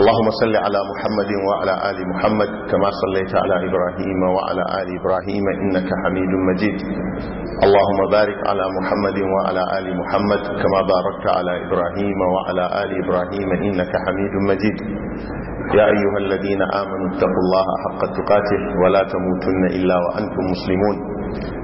اللهم صل على محمد وعلى آل محمد كما صليت على إبراهيم وعلى آل إبراهيم إنك حميد مجيد اللهم بارك على محمد وعلى آل محمد كما باركت على إبراهيم وعلى آل إبراهيم إنك حميد مجيد يا أيها الذين آمنوا اتقوا الله حق تقاته ولا تموتن إلا وأنتم مسلمون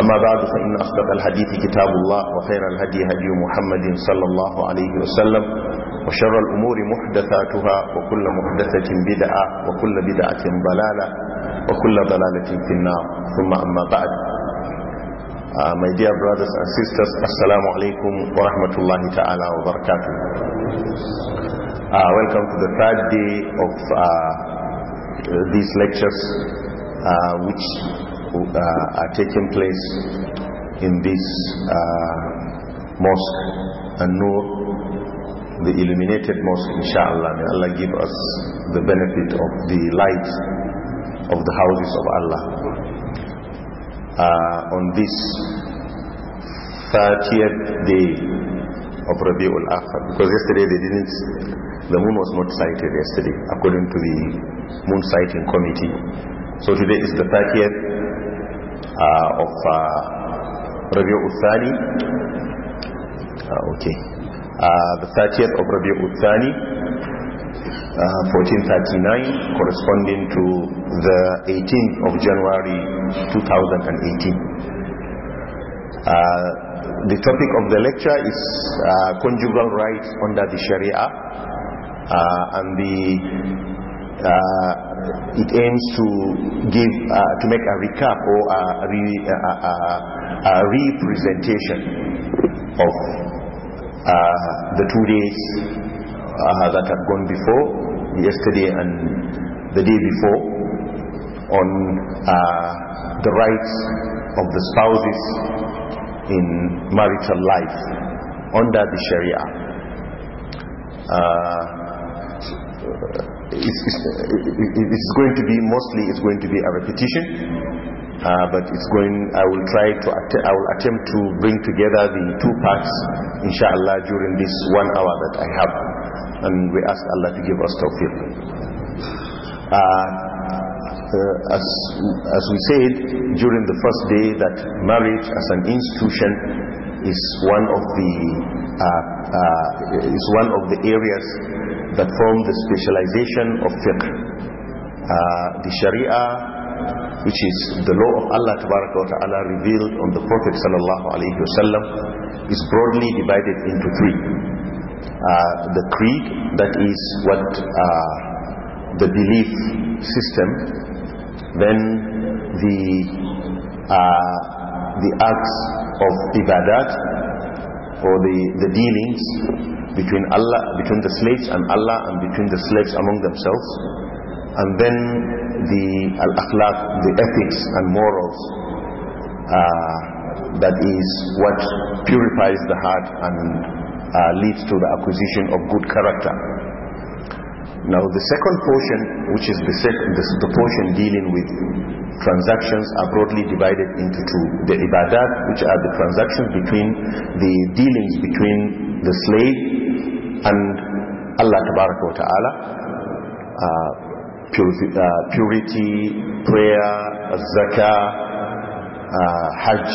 أما بعد فإن أصدق الحديث كتاب الله وخير الهدي هدي محمد صلى الله عليه وسلم وشر الأمور محدثاتها وكل محدثة بدعة وكل بدعة ضلالة وكل ضلالة في النار ثم أما بعد Uh, my dear brothers and sisters assalamu alaikum wa rahmatullahi ta'ala wa barakatuh uh, welcome to the third day of uh, these lectures which uh, are taking place in this uh, mosque and know the illuminated mosque, inshallah. May Allah give us the benefit of the light of the houses of Allah. Uh, on this 30th day of Rabiul Akhir, because yesterday they didn't, the moon was not sighted yesterday, according to the moon sighting committee. So today is the 30th uh, of uh, Rabi'u Uthani. Uh, okay. Uh, the 30th of Rabiul Uthani, uh, 1439, corresponding to the 18th of January 2018. Uh, the topic of the lecture is uh, conjugal rights under the Sharia uh, and the uh, it aims to give uh, to make a recap or a, re, presentation a representation of uh, the two days uh, that have gone before, yesterday and the day before, on uh, the rights of the spouses in marital life under the Sharia it's, it's, it's going to be mostly it's going to be a repetition uh, but it's going I will try to I will attempt to bring together the two parts inshallah during this one hour that I have and we ask Allah to give us tawfiq uh, uh, as, as we said during the first day that marriage as an institution is one of the uh, uh, is one of the areas that form the specialization of fiqh. Uh, the Sharia, which is the law of Allah Ta'ala revealed on the Prophet Sallallahu Alaihi Wasallam, is broadly divided into three. Uh, the creed, that is what the belief system, then the uh, the acts of ibadat, or the, the dealings between Allah, between the slaves and Allah and between the slaves among themselves. And then the al-akhlaq, the ethics and morals, uh, that is what purifies the heart and uh, leads to the acquisition of good character. Now the second portion, which is the, second, the, the portion dealing with transactions are broadly divided into two. The ibadat, which are the transactions between the dealings between the slave and Allah wa ta'ala, uh, purity, uh, purity, prayer, zakah, uh, hajj,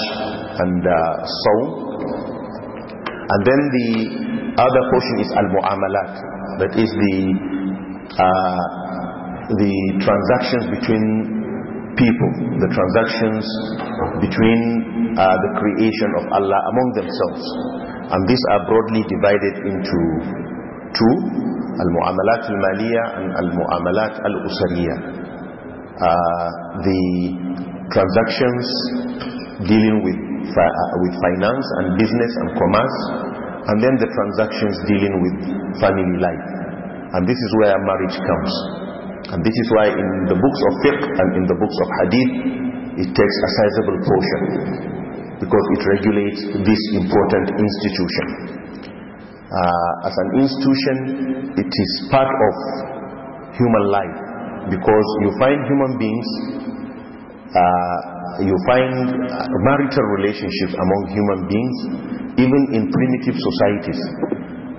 and uh, saum. And then the other portion is al-mu'amalat, that is the uh, the transactions between people, the transactions between uh, the creation of Allah among themselves. And these are broadly divided into two, al-mu'amalat al-maliyah and al-mu'amalat al-usariyah. Uh, the transactions dealing with, uh, with finance and business and commerce, and then the transactions dealing with family life. And this is where marriage comes. And this is why in the books of fiqh and in the books of hadith, it takes a sizable portion because it regulates this important institution. Uh, as an institution, it is part of human life because you find human beings, uh, you find marital relationships among human beings, even in primitive societies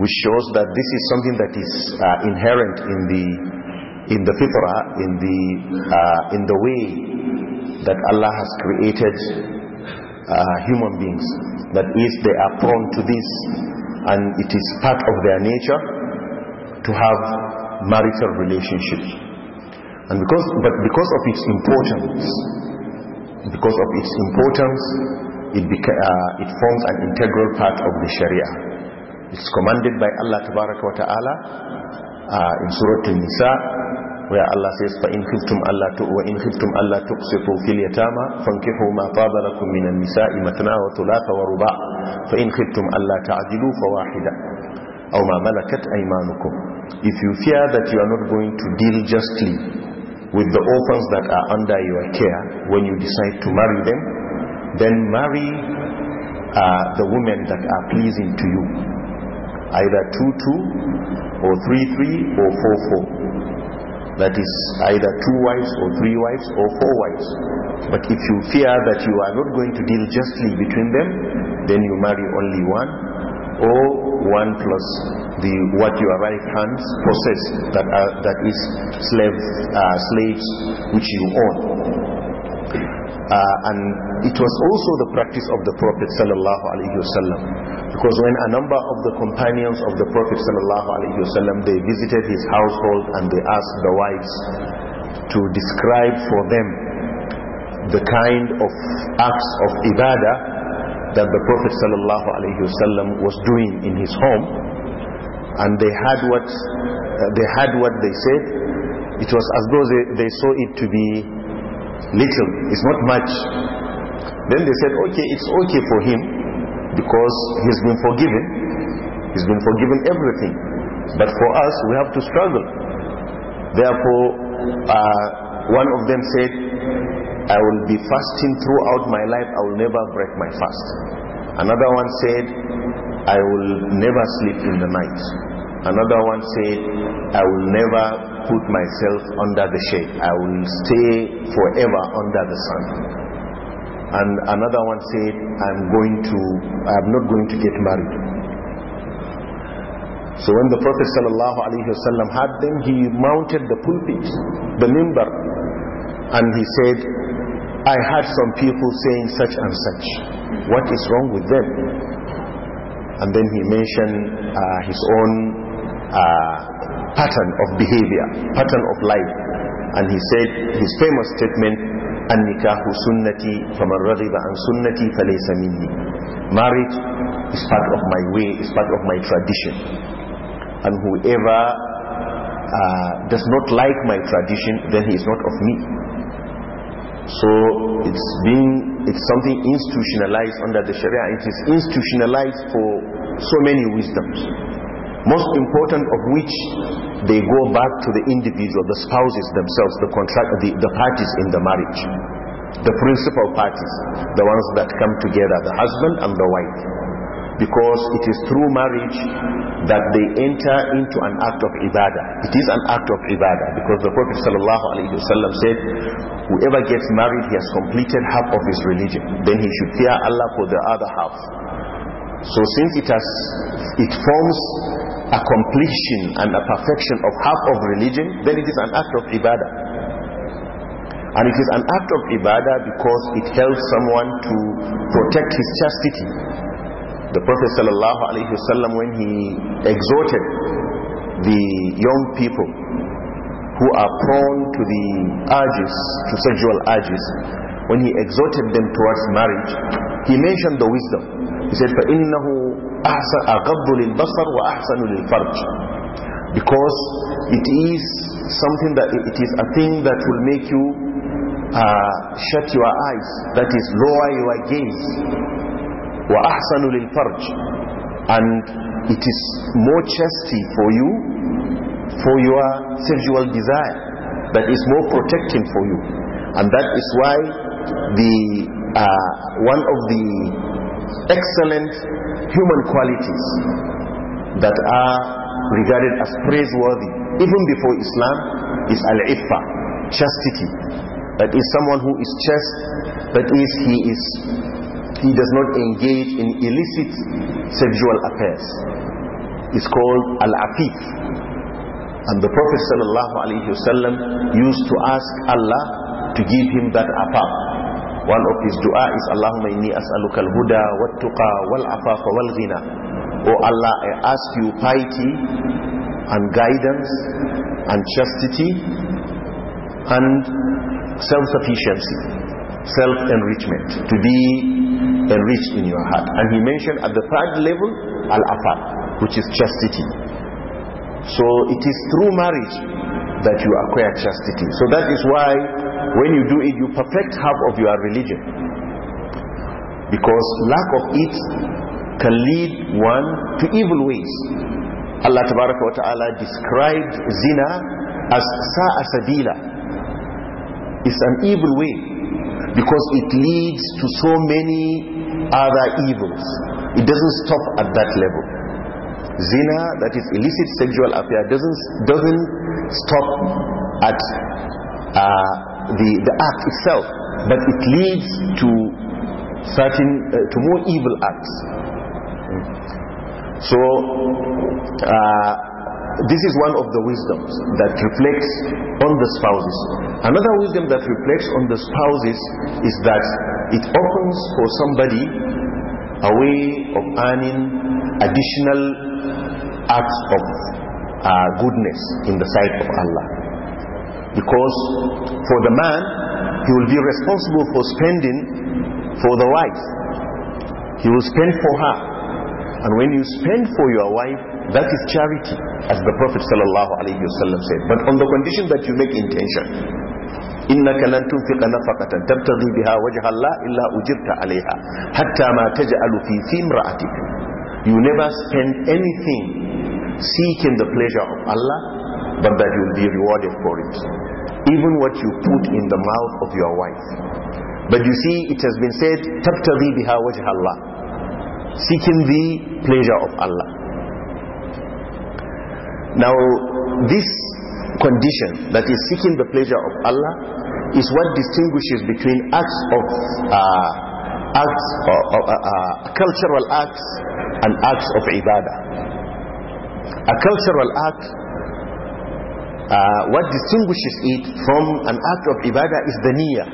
which shows that this is something that is uh, inherent in the in the fitrah, in the uh, in the way that Allah has created uh, human beings. That is, they are prone to this, and it is part of their nature to have marital relationships. And because, but because of its importance, because of its importance, it, uh, it forms an integral part of the Sharia. is commanded by Allah tabaraka wa ta'ala uh, in Surah Nisa where Allah says fa in khiftum alla tu wa in khiftum alla tuqsitu fil yatama fankihu ma taba lakum minan nisa'i matna wa thulatha wa ruba' fa in khiftum alla ta'dilu wahida aw ma malakat aymanukum if you fear that you are not going to deal justly with the orphans that are under your care when you decide to marry them then marry uh, the women that are pleasing to you either 2-2 or 3-3 or 4-4. That is either two wives or three wives or four wives. But if you fear that you are not going to deal justly between them, then you marry only one or one plus the what your right hand possess that are, that is slaves uh, slaves which you own. Uh, and it was also the practice of the Prophet sallallahu alaihi wasallam. Because when a number of the companions of the Prophet sallallahu alaihi wasallam they visited his household and they asked the wives to describe for them the kind of acts of ibadah that the Prophet sallallahu alaihi wasallam was doing in his home, and they had what uh, they had what they said. It was as though they, they saw it to be little, it's not much. Then they said, okay, it's okay for him because he's been forgiven. He's been forgiven everything. But for us, we have to struggle. Therefore, uh, one of them said, I will be fasting throughout my life. I will never break my fast. Another one said, I will never sleep in the night. Another one said, I will never put myself under the shade. I will stay forever under the sun. And another one said, I'm going to, I'm not going to get married. So when the Prophet ﷺ had them, he mounted the pulpit, the mimbar, and he said, I had some people saying such and such. What is wrong with them? And then he mentioned uh, his own uh, pattern of behavior, pattern of life. And he said his famous statement, "An-nikahu sunnati, faman raghiba an sunnati falaysa minni." Marriage is part of my way, is part of my tradition. And whoever uh, does not like my tradition, then he is not of me. So it's being it's something institutionalized under the Sharia. It is institutionalized for so many wisdoms most important of which they go back to the individual, the spouses themselves, the, contract, the, the parties in the marriage, the principal parties, the ones that come together, the husband and the wife. Because it is through marriage that they enter into an act of ibadah. It is an act of ibadah because the Prophet ﷺ said, whoever gets married, he has completed half of his religion. Then he should fear Allah for the other half. So since it has, it forms a completion and a perfection of half of religion, then it is an act of ibadah. And it is an act of ibadah because it helps someone to protect his chastity. The Prophet ﷺ, when he exhorted the young people who are prone to the urges, to sexual urges, when he exhorted them towards marriage, he mentioned the wisdom. He said, أغض للبصر وأحسن للفرج because it is something that it is a thing that will make you uh, shut your eyes that is lower your gaze وأحسن للفرج and it is more chastity for you for your sexual desire that is more protecting for you and that is why the uh, one of the excellent human qualities that are regarded as praiseworthy even before Islam is al-iffa, chastity. That is someone who is chaste, that is he is he does not engage in illicit sexual affairs. It's called al-afif. And the Prophet sallallahu alaihi wasallam used to ask Allah to give him that afaf one of his dua is Allahumma inni as'aluka al-huda wat-tuqa wal-afafa wal-ghina oh Allah I ask you piety and guidance and chastity and self-sufficiency self-enrichment to be enriched in your heart and he mentioned at the third level al-afaf which is chastity so it is through marriage that you acquire chastity so that is why when you do it, you perfect half of your religion. Because lack of it can lead one to evil ways. Allah wa Ta'ala described zina as sa'a sabila. It's an evil way because it leads to so many other evils. It doesn't stop at that level. Zina, that is illicit sexual affair, doesn't, doesn't stop at uh, the, the act itself, but it leads to certain, uh, to more evil acts. So, uh, this is one of the wisdoms that reflects on the spouses. Another wisdom that reflects on the spouses is that it opens for somebody a way of earning additional acts of uh, goodness in the sight of Allah. Because for the man, he will be responsible for spending for the wife. He will spend for her. And when you spend for your wife, that is charity, as the Prophet ﷺ said. But on the condition that you make intention. إنك لن تنفق نفقة تبتغي بها وجه الله إلا أجرت عليها حتى ما تجعل في في You never spend anything seeking the pleasure of Allah but that you will be rewarded for it even what you put in the mouth of your wife. But you see, it has been said, تَبْتَغِي بِهَا وَجْهَ اللَّهِ Seeking the pleasure of Allah. Now, this condition that is seeking the pleasure of Allah is what distinguishes between acts of uh, acts or, uh, uh, uh, uh, cultural acts and acts of ibadah. A cultural act uh, what distinguishes it from an act of ibadah is the niyyah.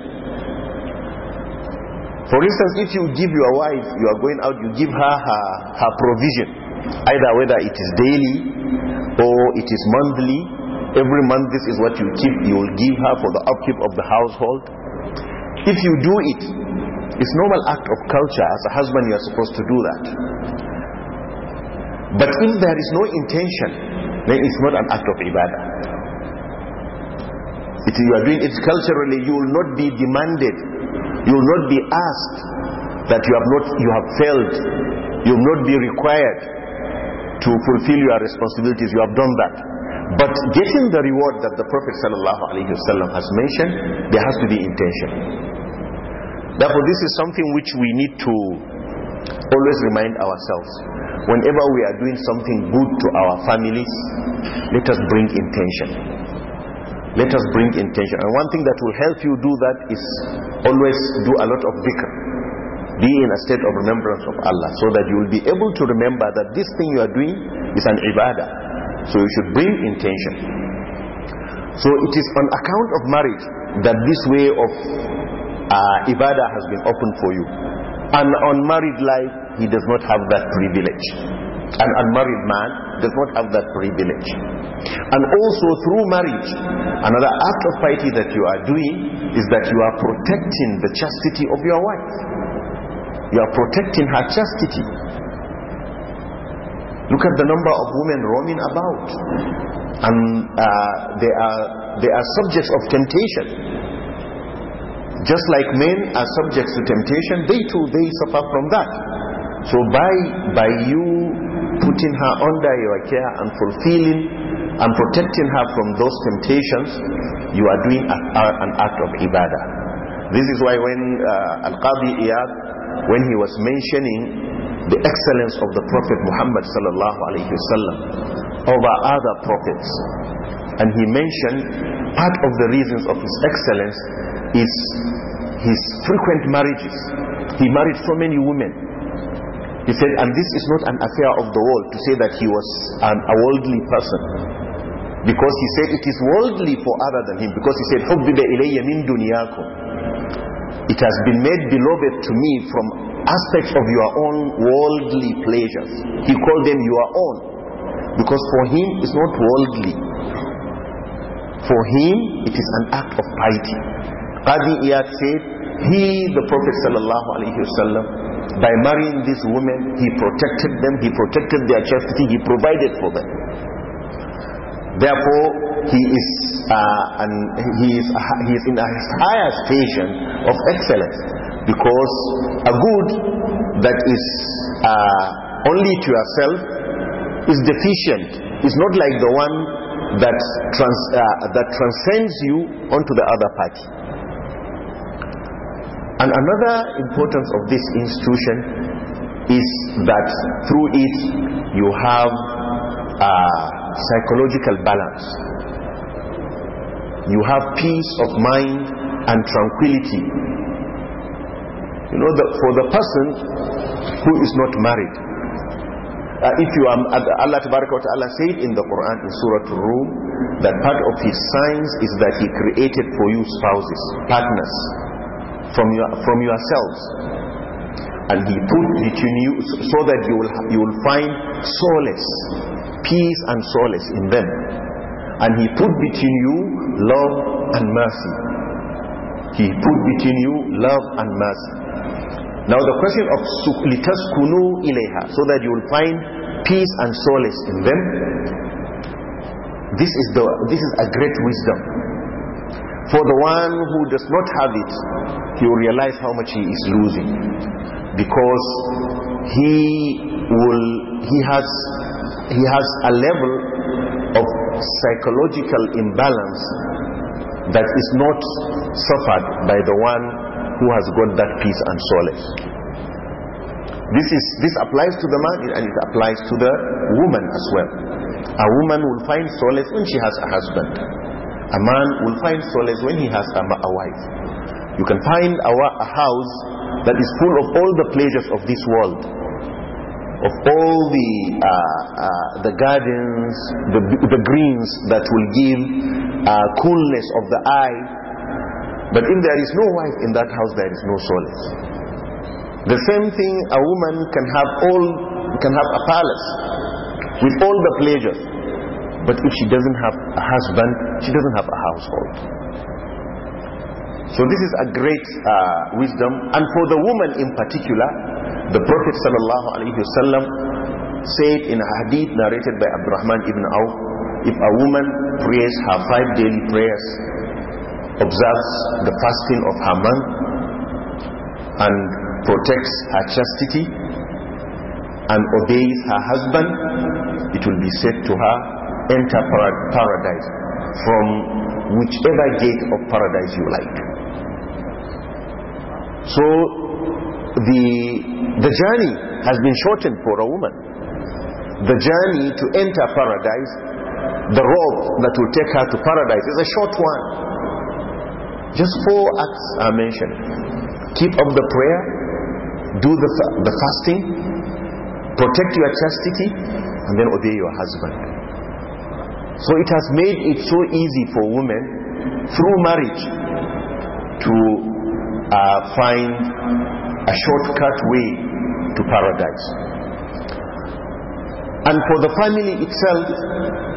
For instance, if you give your wife, you are going out, you give her her, her provision, either whether it is daily or it is monthly, every month this is what you keep, you will give her for the upkeep of the household. If you do it, it's normal act of culture, as a husband you are supposed to do that. But if there is no intention, then it's not an act of ibadah. If you are doing it culturally, you will not be demanded. You will not be asked that you have not, you have failed. You will not be required to fulfill your responsibilities. You have done that. But getting the reward that the Prophet ﷺ has mentioned, there has to be intention. Therefore, this is something which we need to always remind ourselves. Whenever we are doing something good to our families, let us bring intention let us bring intention. And one thing that will help you do that is always do a lot of dhikr. Be in a state of remembrance of Allah so that you will be able to remember that this thing you are doing is an ibadah. So you should bring intention. So it is on account of marriage that this way of uh, ibadah has been opened for you. And on married life, he does not have that privilege. An unmarried man does not have that privilege. And also through marriage, another act of piety that you are doing is that you are protecting the chastity of your wife. You are protecting her chastity. Look at the number of women roaming about. And uh, they, are, they are subjects of temptation. Just like men are subjects to temptation, they too, they suffer from that. So by, by you putting her under your care and fulfilling and protecting her from those temptations, you are doing a, a, an act of ibadah. This is why when uh, Al-Qadi Iyad, when he was mentioning the excellence of the Prophet Muhammad sallallahu alayhi wasallam over other prophets, and he mentioned part of the reasons of his excellence is his frequent marriages. He married so many women he said, and this is not an affair of the world to say that he was an, a worldly person. Because he said it is worldly for other than him. Because he said, حُبِّبَ It has been made beloved to me from aspects of your own worldly pleasures. He called them your own. Because for him it's not worldly. For him it is an act of piety. Qadi Iyad said, he, the Prophet sallallahu alayhi wasallam, by marrying these women, he protected them, he protected their chastity, he provided for them. Therefore, he is, uh, an, he is, he is in a higher station of excellence because a good that is uh, only to yourself is deficient. It's not like the one that, trans, uh, that transcends you onto the other party. And another importance of this institution is that through it you have a psychological balance. You have peace of mind and tranquility. You know, that for the person who is not married, uh, if you are Allah Ta'ala said in the Quran in Surah Rum that part of his signs is that he created for you spouses, partners from, your, from yourselves. And he put between you so that you will, you will find solace, peace and solace in them. And he put between you love and mercy. He put between you love and mercy. Now the question of kunu ileha, So that you will find peace and solace in them. This is, the, this is a great wisdom for the one who does not have it, he will realize how much he is losing. Because he will, he has, he has a level of psychological imbalance that is not suffered by the one who has got that peace and solace. This, is, this applies to the man and it applies to the woman as well. A woman will find solace when she has a husband a man will find solace when he has a, wife. You can find a, a house that is full of all the pleasures of this world, of all the, uh, uh, the gardens, the, the greens that will give uh, coolness of the eye. But if there is no wife in that house, there is no solace. The same thing, a woman can have all, can have a palace with all the pleasures. But if she doesn't have a husband, she doesn't have a household. So this is a great uh, wisdom. And for the woman in particular, the Prophet said in a hadith narrated by Abdurrahman ibn Auf, if a woman prays her five daily prayers, observes the fasting of her month, and protects her chastity, and obeys her husband, it will be said to her, enter paradise from whichever gate of paradise you like. So the, the journey has been shortened for a woman. The journey to enter paradise, the road that will take her to paradise is a short one. Just four acts are mentioned. Keep up the prayer, do the, the fasting, protect your chastity, and then obey your husband. So it has made it so easy for women through marriage to uh, find a shortcut way to paradise. And for the family itself,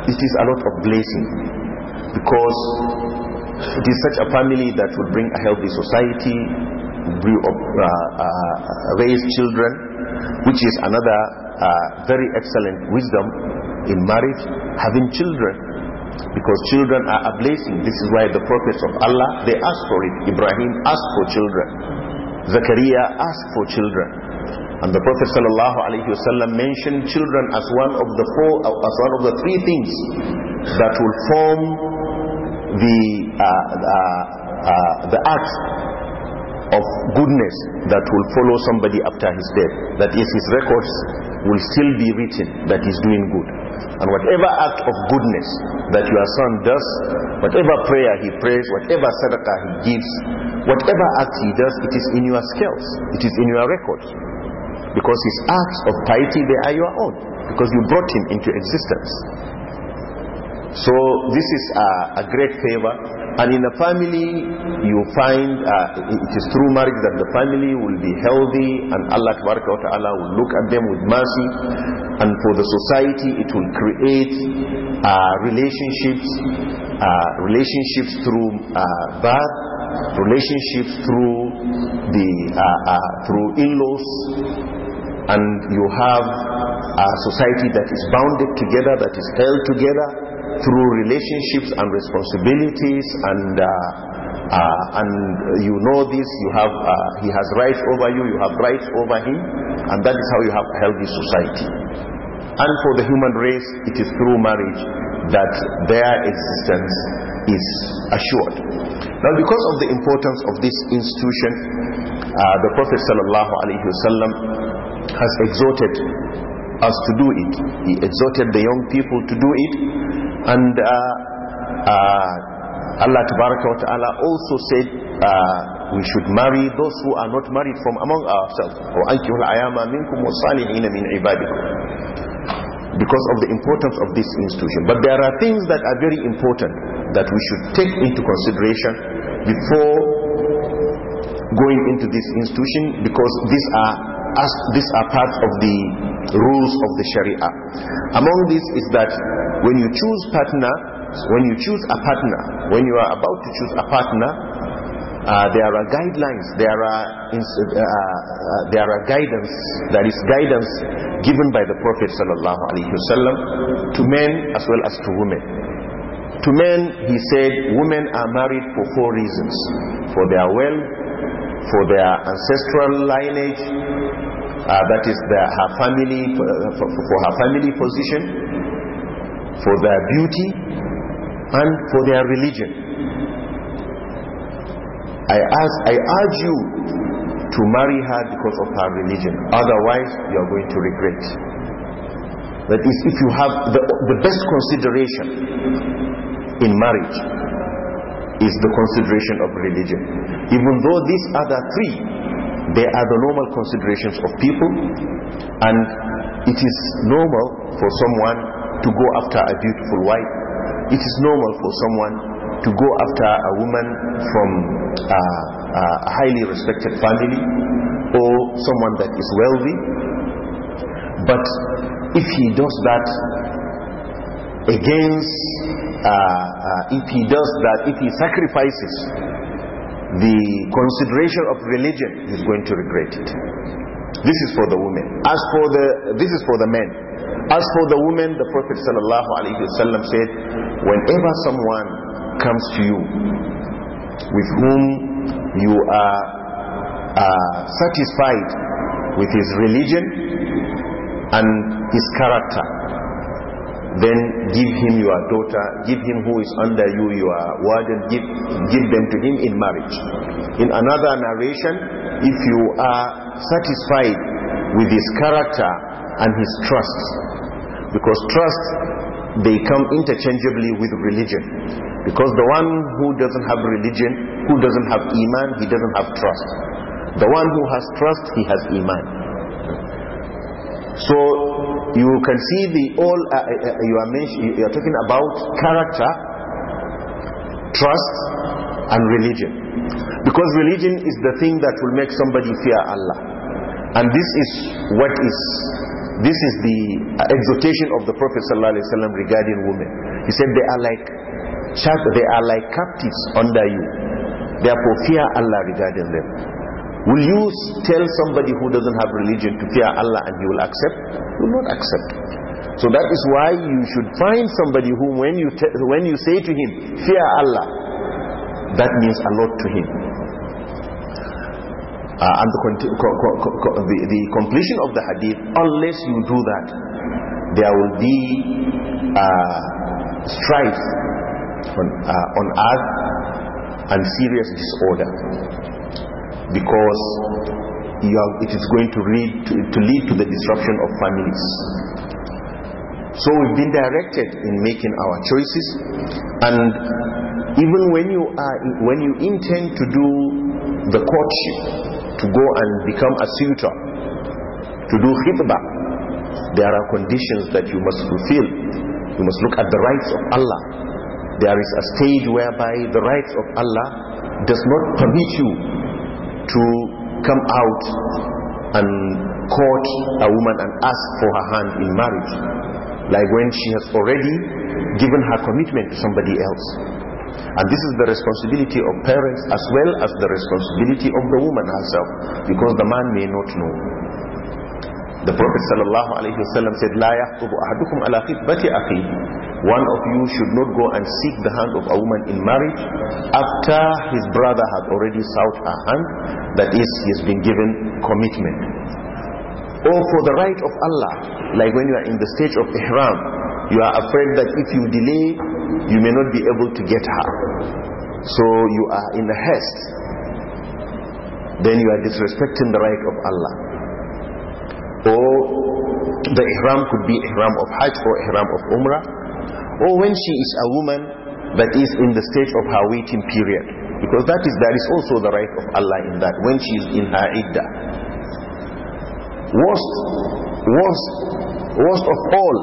it is a lot of blessing because it is such a family that would bring a healthy society, uh, uh, raise children, which is another uh, very excellent wisdom in marriage, having children. Because children are a blessing. This is why the prophets of Allah, they ask for it. Ibrahim asked for children. Zakaria asked for children. And the Prophet ﷺ mentioned children as one of the four, as one of the three things that will form the, uh, uh, uh, the act of goodness that will follow somebody after his death. That is his records will still be written that he's doing good. And whatever act of goodness that your son does, whatever prayer he prays, whatever sadaqah he gives, whatever act he does, it is in your scales, it is in your records. Because his acts of piety, they are your own. Because you brought him into existence. So this is a, a great favor and in a family, you find uh, it is through marriage that the family will be healthy and Allah Ta'ala will look at them with mercy. And for the society, it will create uh, relationships, uh, relationships through uh, birth, relationships through the uh, uh, through in-laws, and you have a society that is bounded together, that is held together through relationships and responsibilities and uh, uh, and you know this you have uh, he has rights over you you have rights over him and that is how you have a healthy society and for the human race it is through marriage that their existence is assured now because of the importance of this institution uh, the prophet sallallahu alaihi wasallam has exhorted us to do it. He exhorted the young people to do it. and uh, uh, Allah tabaraka wa ta'ala also said uh, we should marry those who are not married from among ourselves or ankihul ayama minkum wasalihina min ibadikum because of the importance of this institution but there are things that are very important that we should take into consideration before going into this institution because these are as these are part of the rules of the Sharia. Among these is that when you choose partner, when you choose a partner, when you are about to choose a partner, uh, there are guidelines, there are, uh, uh, uh, there are guidance, there is guidance given by the Prophet sallallahu alaihi wasallam to men as well as to women. To men, he said, women are married for four reasons: for their wealth, for their ancestral lineage, uh, that is their, her family, for, for, her family position, for their beauty, and for their religion. I, ask, I urge you to marry her because of her religion. Otherwise, you are going to regret. That is, if you have the, the best consideration in marriage, is the consideration of religion. Even though these other three, they are the normal considerations of people, and it is normal for someone to go after a beautiful wife. It is normal for someone to go after a woman from a, a highly respected family or someone that is wealthy. But if he does that against uh, uh, if he does that, if he sacrifices the consideration of religion, he's going to regret it. This is for the women. As for the, this is for the men. As for the women, the Prophet wasallam said, whenever someone comes to you with whom you are uh, satisfied with his religion and his character, then give him your daughter give him who is under you your warden give, give them to him in marriage in another narration if you are satisfied with his character and his trust because trust they come interchangeably with religion because the one who doesn't have religion who doesn't have iman he doesn't have trust the one who has trust he has iman so you can see the all uh, uh, uh you are you are talking about character, trust, and religion. Because religion is the thing that will make somebody fear Allah. And this is what is this is the uh, exhortation of the Prophet sallallahu alaihi ﷺ regarding women. He said they are like they are like captives under you. Therefore fear Allah regarding them. Will you tell somebody who doesn't have religion to fear Allah and he will accept? will not accept. So that is why you should find somebody who when you, when you say to him, fear Allah, that means a lot to him. Uh, and the, the, the, completion of the hadith, unless you do that, there will be uh, strife on, uh, on earth and serious disorder because are, it is going to, to, to lead to the disruption of families. So we've been directed in making our choices, and even when you are when you intend to do the courtship, to go and become a suitor, to do khitbah, there are conditions that you must fulfill. You must look at the rights of Allah. There is a stage whereby the rights of Allah does not permit you to come out and court a woman and ask for her hand in marriage like when she has already given her commitment to somebody else and this is the responsibility of parents as well as the responsibility of the woman herself because the man may not know The Prophet sallallahu alaihi wasallam said, "La yaqtubu ahadukum ala khitbati akhi." One of you should not go and seek the hand of a woman in marriage after his brother had already sought her hand, that is, he has been given commitment. Or for the right of Allah, like when you are in the stage of ihram, you are afraid that if you delay, you may not be able to get her. So you are in a haste. Then you are disrespecting the right of Allah. or the ihram could be ihram of hajj or ihram of umrah or when she is a woman that is in the stage of her waiting period because that is that is also the right of Allah in that when she is in her iddah worst worst worst of all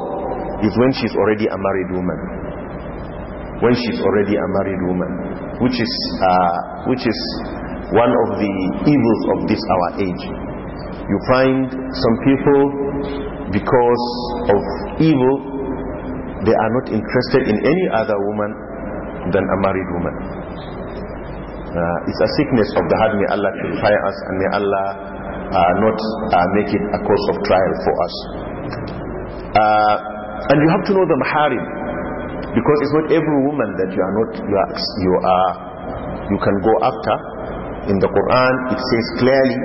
is when she is already a married woman when she is already a married woman which is uh, which is one of the evils of this our age you find some people because of evil they are not interested in any other woman than a married woman uh, it's a sickness of the heart may Allah purify us and may Allah uh, not uh, make it a cause of trial for us uh, and you have to know the maharim because it's not every woman that you are not you are, you are you can go after in the Quran it says clearly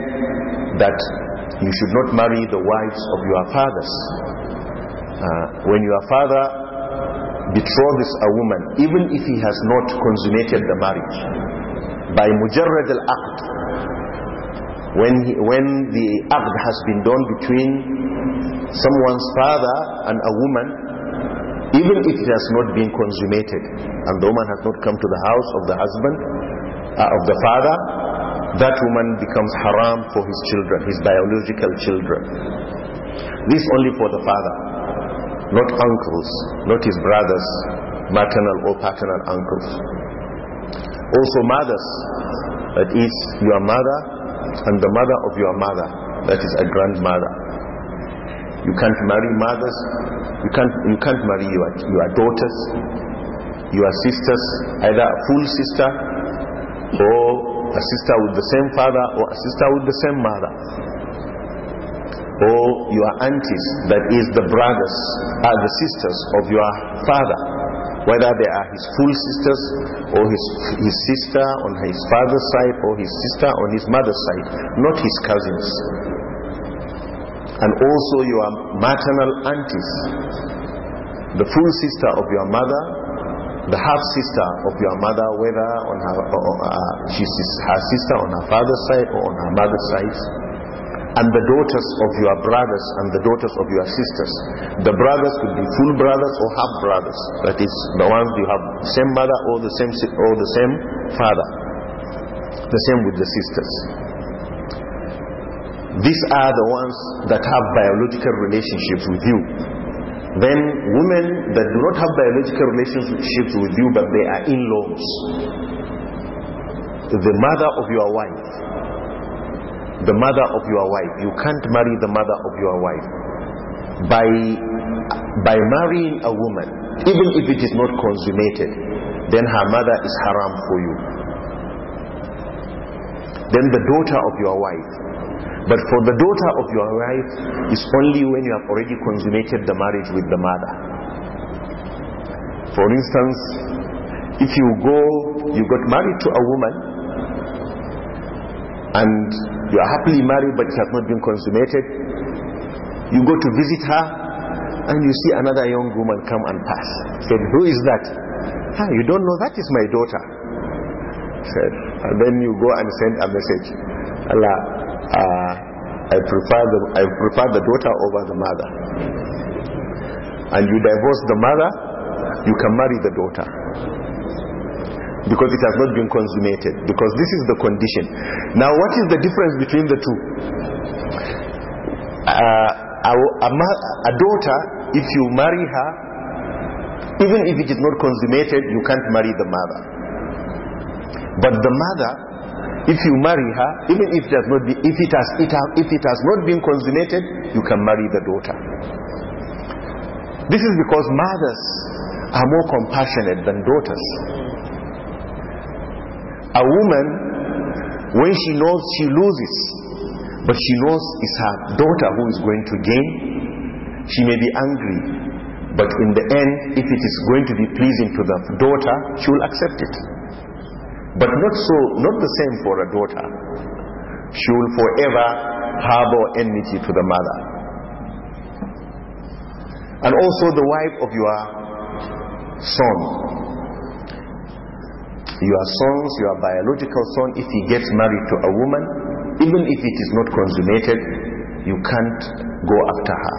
that you should not marry the wives of your fathers. Uh, when your father betroths a woman, even if he has not consummated the marriage, by mujarrad al-aqd, when, he, when the aqd has been done between someone's father and a woman, even if it has not been consummated, and the woman has not come to the house of the husband, uh, of the father, that woman becomes haram for his children, his biological children. This only for the father, not uncles, not his brothers, maternal or paternal uncles. Also mothers, that is your mother and the mother of your mother, that is a grandmother. You can't marry mothers, you can't, you can't marry your, your daughters, your sisters, either a full sister or a sister with the same father or a sister with the same mother or your aunties that is the brothers are the sisters of your father whether they are his full sisters or his, his sister on his father's side or his sister on his mother's side not his cousins and also your maternal aunties the full sister of your mother the half sister of your mother, whether on her, or, uh, she's her sister on her father's side or on her mother's side, and the daughters of your brothers and the daughters of your sisters. The brothers could be full brothers or half brothers. That is, the ones you have same mother or the same or the same father. The same with the sisters. These are the ones that have biological relationships with you. Then women that do not have biological relationships with you but they are in-laws, the mother of your wife, the mother of your wife, you can't marry the mother of your wife. By, by marrying a woman, even if it is not consummated, then her mother is haram for you. Then the daughter of your wife, but for the daughter of your wife, it's only when you have already consummated the marriage with the mother. For instance, if you go, you got married to a woman and you are happily married but it has not been consummated, you go to visit her and you see another young woman come and pass. Said, who is that? Ah, you don't know, that is my daughter. Said, and then you go and send a message. Allah, uh, I prefer the I prefer the daughter over the mother and you divorce the mother you can marry the daughter because it has not been consummated because this is the condition now what is the difference between the two uh, a, a, a daughter if you marry her even if it is not consummated you can't marry the mother but the mother if you marry her, even if, not if, it has, it has, if it has not been consummated, you can marry the daughter. This is because mothers are more compassionate than daughters. A woman, when she knows she loses, but she knows it's her daughter who is going to gain, she may be angry. But in the end, if it is going to be pleasing to the daughter, she will accept it. But not so, not the same for a daughter. She will forever harbor enmity to the mother. And also the wife of your son. Your sons, your biological son, if he gets married to a woman, even if it is not consummated, you can't go after her.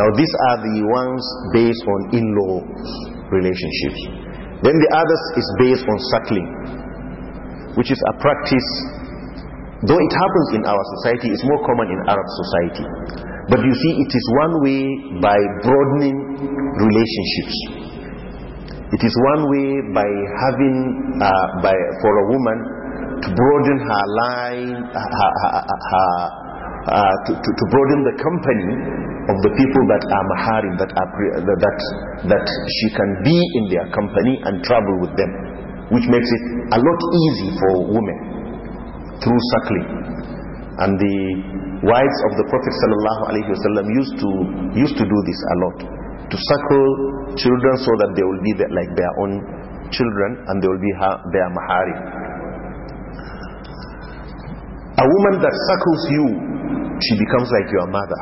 Now, these are the ones based on in law relationships. Then the others is based on suckling, which is a practice, though it happens in our society, it's more common in Arab society. But you see, it is one way by broadening relationships. It is one way by having, uh, by, for a woman to broaden her line, her, her, her, her uh, to, to, to, broaden the company of the people that are maharim, that, are, that, that she can be in their company and travel with them, which makes it a lot easy for women through suckling. And the wives of the Prophet ﷺ used to, used to do this a lot, to suckle children so that they will be the, like their own children and they will be her, their maharim. A woman that suckles you she becomes like your mother.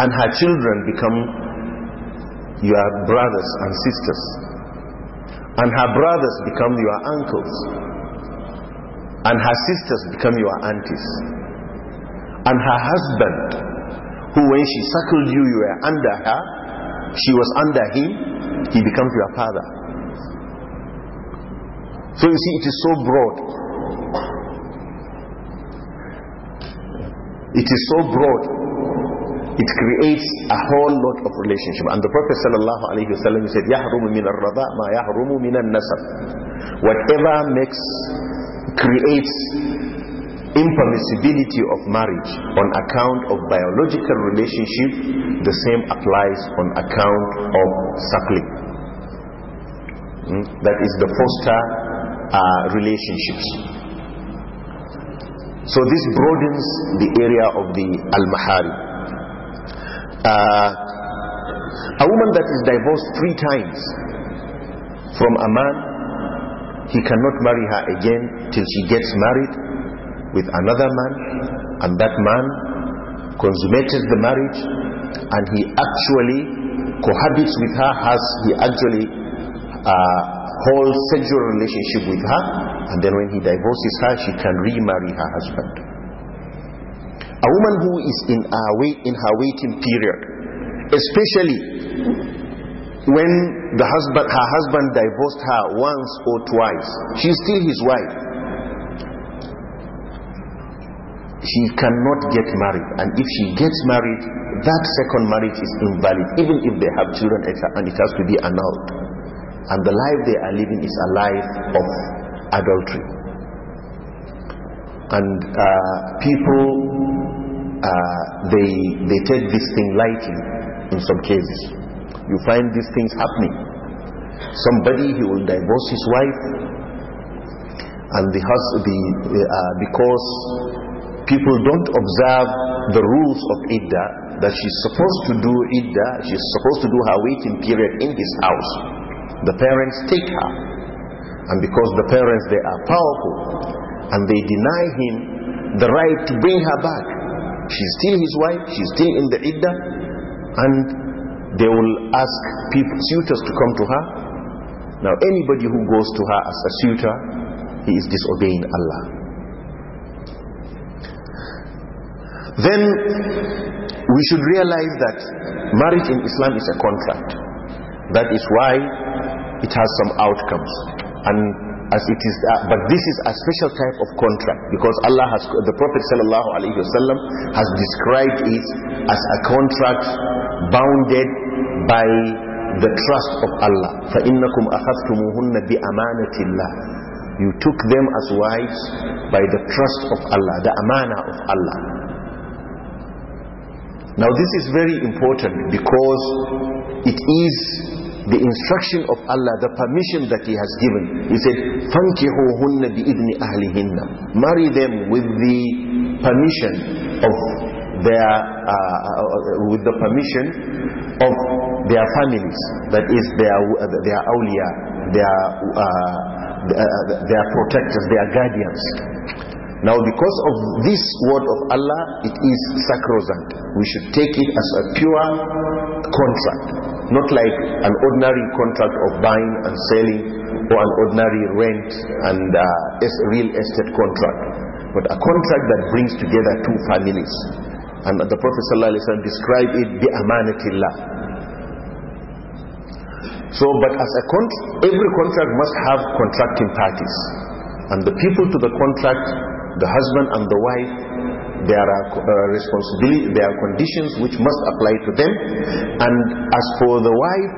And her children become your brothers and sisters. And her brothers become your uncles. And her sisters become your aunties. And her husband, who when she suckled you, you were under her, she was under him, he becomes your father. So you see, it is so broad. It is so broad. It creates a whole lot of relationship. And the Prophet sallallahu alaihi wasallam said, "Yahrumu min al-rada ma yahrumu min al-nasab." Whatever makes creates impermissibility of marriage on account of biological relationship, the same applies on account of suckling. Mm? That is the foster uh, relationships. So this broadens the area of the al-mahari. Uh, a woman that is divorced three times from a man, he cannot marry her again till she gets married with another man, and that man consummated the marriage, and he actually cohabits with her as he actually uh, hold sexual relationship with her and then when he divorces her she can remarry her husband a woman who is in, a wait, in her waiting period especially when the husband, her husband divorced her once or twice she is still his wife she cannot get married and if she gets married that second marriage is invalid even if they have children and it has to be annulled and the life they are living is a life of adultery. And uh, people, uh, they, they take this thing lightly in some cases. You find these things happening. Somebody, he will divorce his wife, and the, hus the uh, because people don't observe the rules of idda, that she's supposed to do idda, she's supposed to do her waiting period in his house the parents take her. And because the parents, they are powerful, and they deny him the right to bring her back. She's still his wife, she's still in the idda, and they will ask people, suitors to come to her. Now, anybody who goes to her as a suitor, he is disobeying Allah. Then we should realize that marriage in Islam is a contract. That is why it has some outcomes. And as it is, uh, but this is a special type of contract because Allah has, the Prophet sallallahu has described it as a contract bounded by the trust of Allah. فَإِنَّكُمْ أَخَذْتُمُهُنَّ بِأَمَانَةِ اللَّهِ You took them as wives by the trust of Allah, the amana of Allah. Now this is very important because it is the instruction of Allah, the permission that He has given. He said, Marry them with the permission of their, uh, uh, with the permission of their families, that is their, their awliya, their, uh, their protectors, their guardians. Now because of this word of Allah, it is sacrosanct. We should take it as a pure contract not like an ordinary contract of buying and selling or an ordinary rent and uh, real estate contract, but a contract that brings together two families. And the Prophet ﷺ described it the amanatillah. So, but as a every contract must have contracting parties. And the people to the contract, the husband and the wife, there are uh, responsibility, there are conditions which must apply to them. And as for the wife,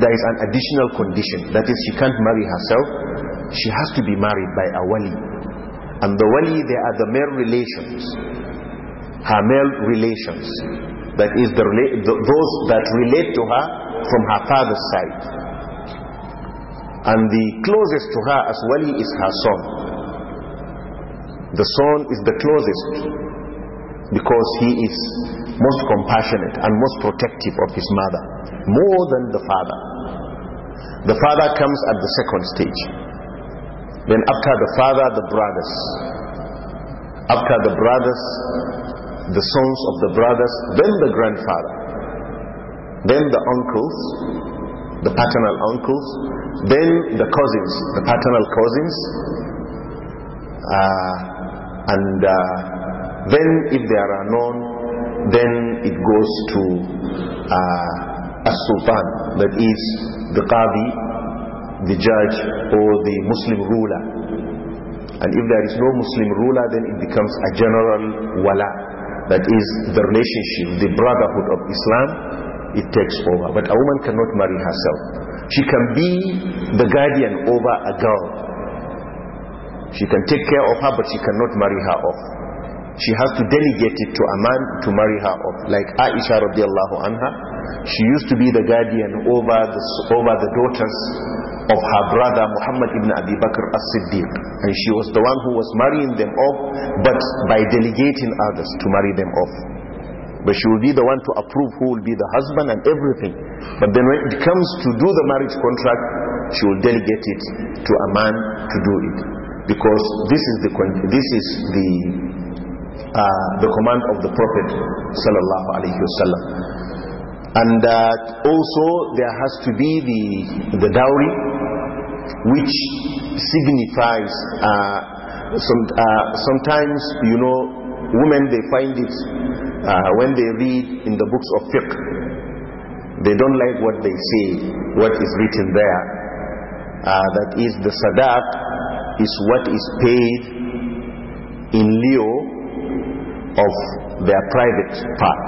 there is an additional condition. That is, she can't marry herself. She has to be married by a wali. And the wali, they are the male relations. Her male relations. That is, the, the, those that relate to her from her father's side. And the closest to her as wali is her son. The Son is the closest because he is most compassionate and most protective of his mother, more than the father. The father comes at the second stage. Then after the father, the brothers. After the brothers, the sons of the brothers, then the grandfather. Then the uncles, the paternal uncles, then the cousins, the paternal cousins, uh, and uh, then if there are none then it goes to uh, a sultan that is the qadi the judge or the muslim ruler and if there is no muslim ruler then it becomes a general wala that is the relationship the brotherhood of islam it takes over but a woman cannot marry herself she can be the guardian over a girl she can take care of her, but she cannot marry her off. She has to delegate it to a man to marry her off. Like Aisha radiallahu anha, she used to be the guardian over the, over the daughters of her brother Muhammad ibn Abi Bakr as-Siddiq. And she was the one who was marrying them off, but by delegating others to marry them off. But she will be the one to approve who will be the husband and everything. But then when it comes to do the marriage contract, she will delegate it to a man to do it because this is the this is the uh, the command of the prophet sallallahu alaihi wasallam and that uh, also there has to be the the dowry which signifies uh, some, uh, sometimes you know women they find it uh, when they read in the books of fiqh they don't like what they see what is written there uh, that is the sadaq is what is paid in lieu of their private part.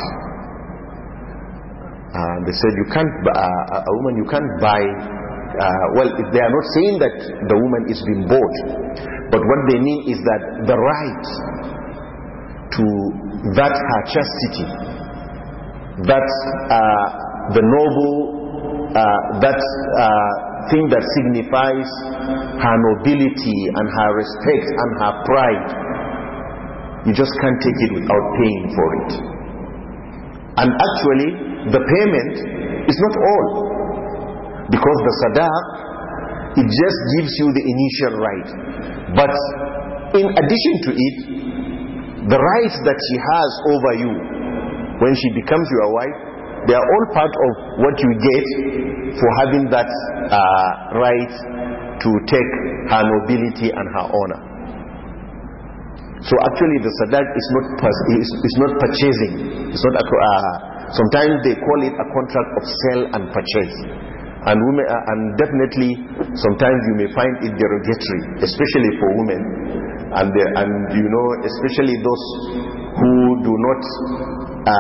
Uh, they said you can't, uh, uh, a woman you can't buy, uh, well they are not saying that the woman is being bought, but what they mean is that the right to that her chastity, that uh, the noble, uh, that thing that signifies her nobility and her respect and her pride, you just can't take it without paying for it. And actually, the payment is not all. Because the sadaq, it just gives you the initial right. But in addition to it, the rights that she has over you, when she becomes your wife, they are all part of what you get for having that uh, right to take her nobility and her honor. So actually the Sadat is not, is, is not purchasing. It's not a, uh, sometimes they call it a contract of sell and purchase. And, women, uh, and definitely sometimes you may find it derogatory, especially for women. And, and you know, especially those who do not uh,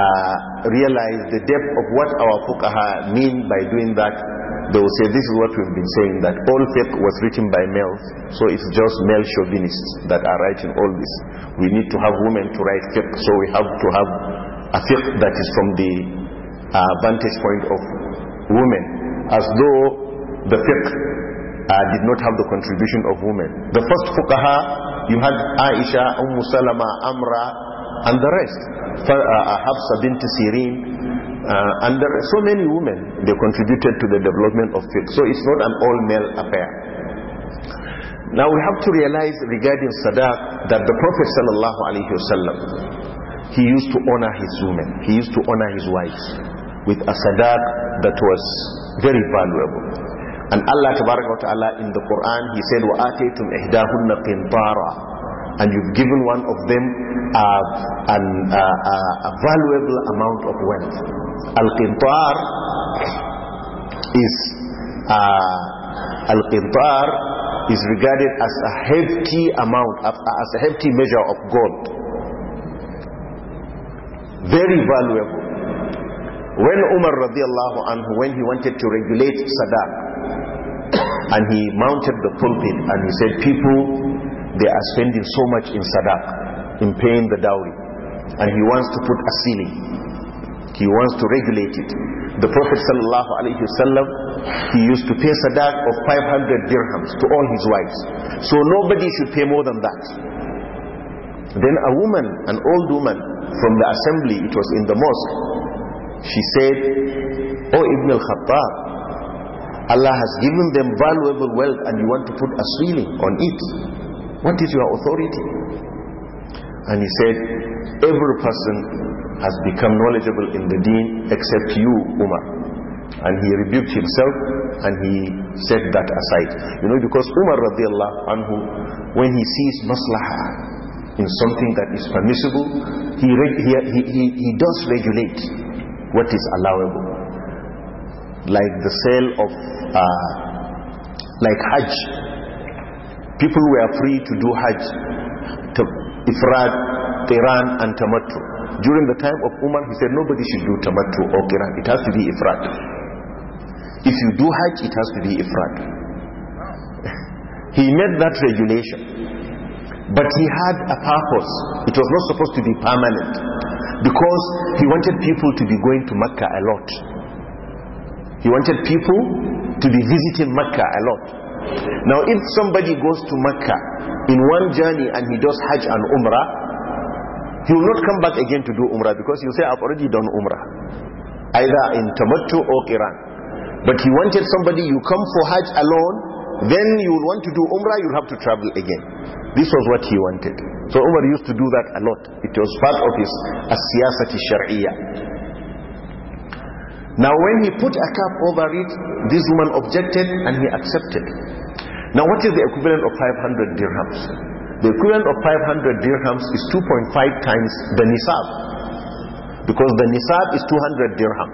realize the depth of what our fuqaha mean by doing that, they will say this is what we've been saying, that all fiqh was written by males, so it's just male chauvinists that are writing all this. We need to have women to write fiqh, so we have to have a fiqh that is from the uh, vantage point of women, as though the fiqh uh, did not have the contribution of women. The first fuqaha, you had Aisha, Umm Salama, Amra, uh, and the rest. Uh, uh, Hafsa bint Sirin uh, and there so many women, they contributed to the development of faith So it's not an all-male affair. Now we have to realize regarding Sadaq that the Prophet sallallahu alaihi wasallam, he used to honor his women. He used to honor his wives with a Sadaq that was very valuable. And Allah Ta'ala in the Quran, he said, وَآتَيْتُمْ إِحْدَاهُنَّ قِنْطَارًا and you've given one of them a, an, a, a valuable amount of wealth. Al-qintar is uh, al-qintar is regarded as a hefty amount, as a hefty measure of gold. Very valuable. When Umar radiallahu anhu, when he wanted to regulate Sadaq and he mounted the pulpit and he said, people they are spending so much in sadaq, in paying the dowry. And he wants to put a ceiling. He wants to regulate it. The Prophet sallallahu wasallam, he used to pay sadaq of 500 dirhams to all his wives. So nobody should pay more than that. Then a woman, an old woman from the assembly, it was in the mosque, she said, "O oh, Ibn al-Khattab, Allah has given them valuable wealth and you want to put a ceiling on it. What is your authority? And he said, Every person has become knowledgeable in the deen except you, Umar. And he rebuked himself and he set that aside. You know, because Umar radiallahu anhu, when he sees maslahah in something that is permissible, he, he, he, he does regulate what is allowable. Like the sale of, uh, like Hajj, people were free to do Hajj, to Ifrad, Qiran, and Tamattu. During the time of Umar, he said nobody should do Tamattu or Qiran. It has to be Ifrad. If you do Hajj, it has to be Ifrad. he made that regulation. But he had a purpose. It was not supposed to be permanent. Because he wanted people to be going to Mecca a lot. He wanted people to be visiting Mecca a lot. Now if somebody goes to Mecca in one journey and he does Hajj and Umrah, he will not come back again to do Umrah because he will say, I've already done Umrah. Either in Tamattu or Iran. But he wanted somebody, you come for Hajj alone, then you want to do Umrah, you'll have to travel again. This was what he wanted. So Umar used to do that a lot. It was part of his as now when he put a cap over it, this woman objected and he accepted. Now what is the equivalent of 500 dirhams? The equivalent of 500 dirhams is 2.5 times the nisab. Because the nisab is 200 dirham.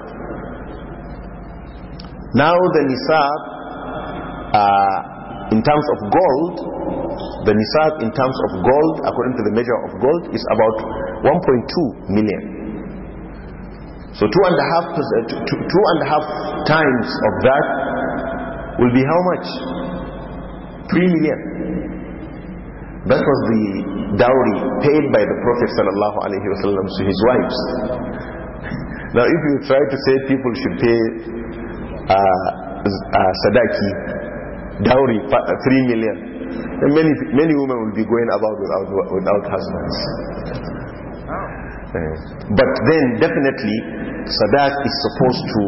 Now the nisab, uh, in terms of gold, the nisab in terms of gold, according to the measure of gold, is about 1.2 million. So two, two and a half times of that will be how much? Three million. That was the dowry paid by the Prophet sallallahu alaihi wasallam to his wives. Now, if you try to say people should pay uh, uh, sadaki dowry uh, three million, then many many women will be going about without without husbands. Mm. but then definitely sadat is supposed to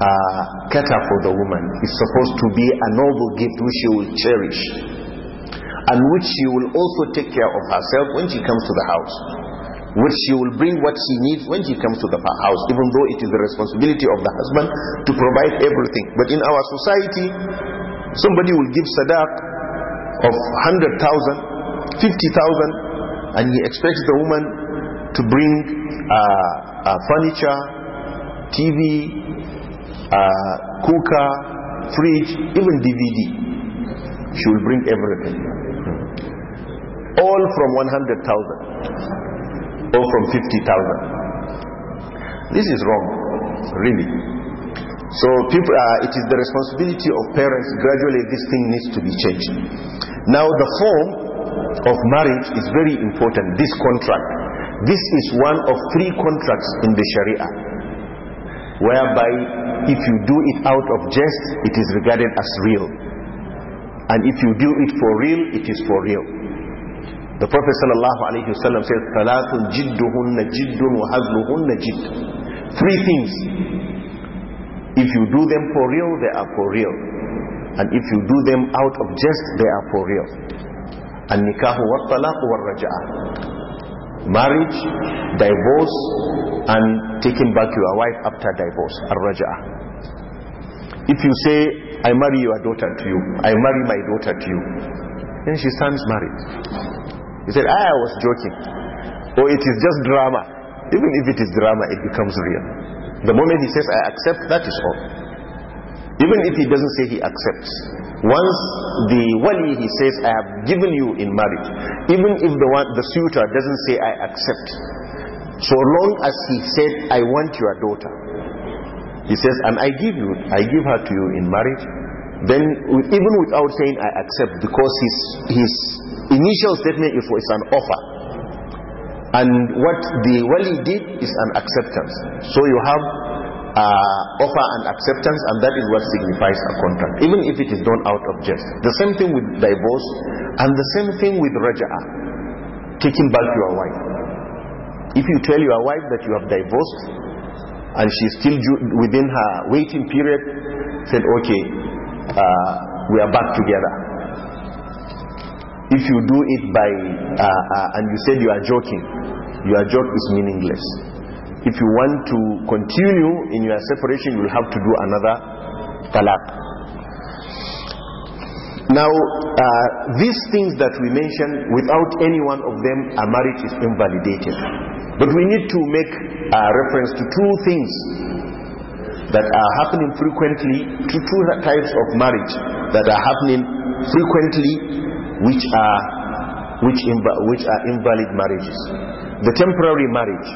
uh, cater for the woman. It's supposed to be a noble gift which she will cherish and which she will also take care of herself when she comes to the house. Which she will bring what she needs when she comes to the house, even though it is the responsibility of the husband to provide everything. But in our society, somebody will give sadaq of 100,000, 50,000, and he expects the woman to bring uh, uh furniture, TV, uh, cooker, fridge, even DVD. She will bring everything. All from 100,000 all from 50,000. This is wrong, really. So people, uh, it is the responsibility of parents. Gradually, this thing needs to be changed. Now, the form of marriage is very important. This contract this is one of three contracts in the Sharia, whereby if you do it out of jest, it is regarded as real. And if you do it for real, it is for real. The Prophet ﷺ says, ثَلَاثٌ جِدُّهُنَّ wa وَهَذْلُهُنَّ جِدٌّ Three things. If you do them for real, they are for real. And if you do them out of jest, they are for real. النكاح والطلاق raja. marriage divorce and taking back your wife after divorce arraja if you say i marry your daughter to you i marry my daughter to you then she stands married he said i was joking or oh, it is just drama even if it is drama it becomes real the moment he says i accept that is all even if he doesn't say he accepts once the wali he says i have given you in marriage even if the one the suitor doesn't say i accept so long as he said i want your daughter he says and i give you i give her to you in marriage then even without saying i accept because his his initial statement is, is an offer and what the wali did is an acceptance so you have uh, offer and acceptance and that is what signifies a contract even if it is done out of jest the same thing with divorce and the same thing with raja'ah taking back your wife if you tell your wife that you have divorced and she's still within her waiting period said okay uh, we are back together if you do it by uh, uh and you said you are joking your joke is meaningless if you want to continue in your separation you will have to do another talaq now uh, these things that we mentioned without any one of them a marriage is invalidated but we need to make a reference to two things that are happening frequently to two types of marriage that are happening frequently which are which, inv which are invalid marriages the temporary marriage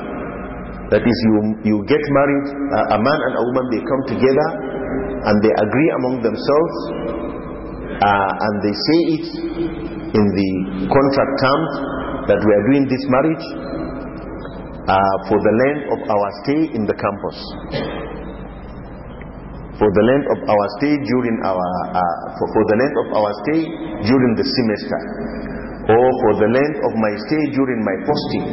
that is, you, you get married, a man and a woman, they come together and they agree among themselves uh, and they say it in the contract terms that we are doing this marriage uh, for the length of our stay in the campus. For the length of our stay during our uh, for, for the length of our stay during the semester, or for the length of my stay during my posting,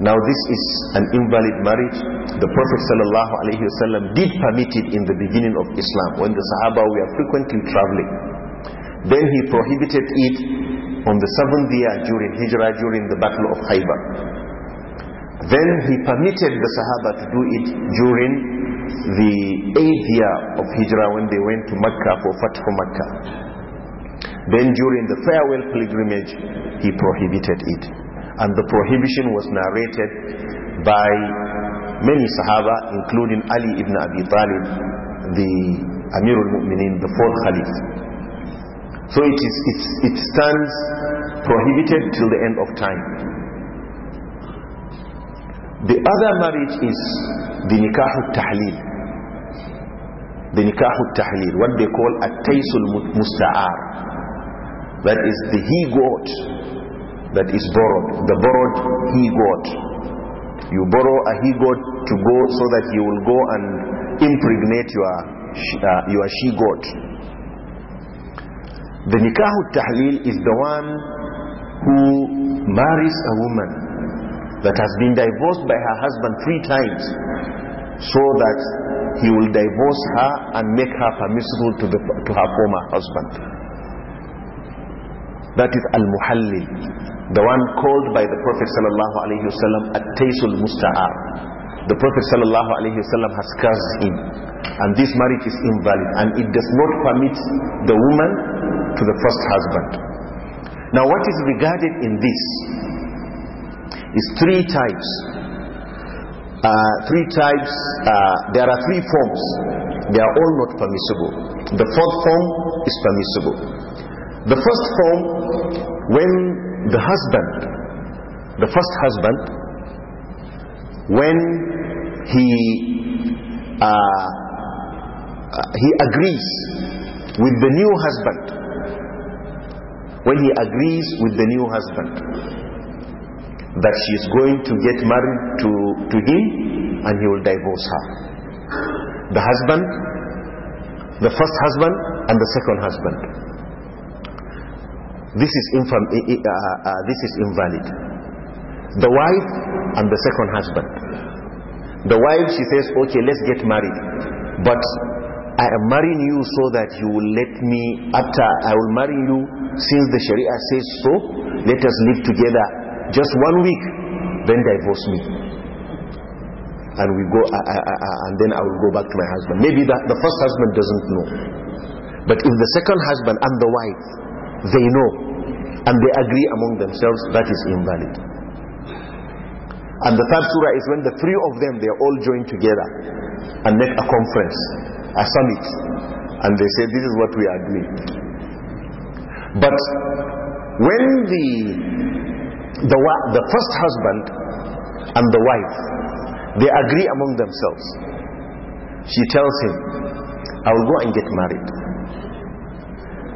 now this is an invalid marriage. The Prophet ﷺ did permit it in the beginning of Islam when the Sahaba were frequently traveling. Then he prohibited it on the seventh year during Hijrah during the Battle of Khaybar. Then he permitted the Sahaba to do it during the eighth year of Hijrah when they went to Mecca for Fatih Mecca. Then during the farewell pilgrimage, he prohibited it and the prohibition was narrated by many Sahaba including Ali ibn Abi Talib the Amirul muminin the fourth Khalif so it, is, it, it stands prohibited till the end of time the other marriage is the nikah tahlil the nikah tahlil what they call at-taysul musta'ar that is the he-goat that is borrowed. The borrowed he goat. You borrow a he goat to go so that he will go and impregnate your, uh, your she goat. The nikah tahlil is the one who marries a woman that has been divorced by her husband three times so that he will divorce her and make her permissible to, the, to her former husband. That is Al-Muhallil. The one called by the Prophet sallallahu alayhi wasallam At-Taysul Musta'ar. The Prophet sallallahu alayhi wasallam has cursed him. And this marriage is invalid. And it does not permit the woman to the first husband. Now what is regarded in this is three types. Uh, three types, uh, there are three forms. They are all not permissible. The fourth form is permissible. The first form, when the husband, the first husband, when he uh, uh, he agrees with the new husband, when he agrees with the new husband that she is going to get married to, to him and he will divorce her. The husband, the first husband and the second husband. This is, uh, uh, this is invalid. The wife and the second husband. The wife, she says, okay, let's get married. But I am marrying you so that you will let me, after I will marry you, since the Sharia says so, let us live together just one week, then divorce me. And we go, uh, uh, uh, and then I will go back to my husband. Maybe the, the first husband doesn't know. But if the second husband and the wife they know and they agree among themselves that is invalid and the third surah is when the three of them they are all joined together and make a conference a summit and they say this is what we agree but when the the, the first husband and the wife they agree among themselves she tells him I will go and get married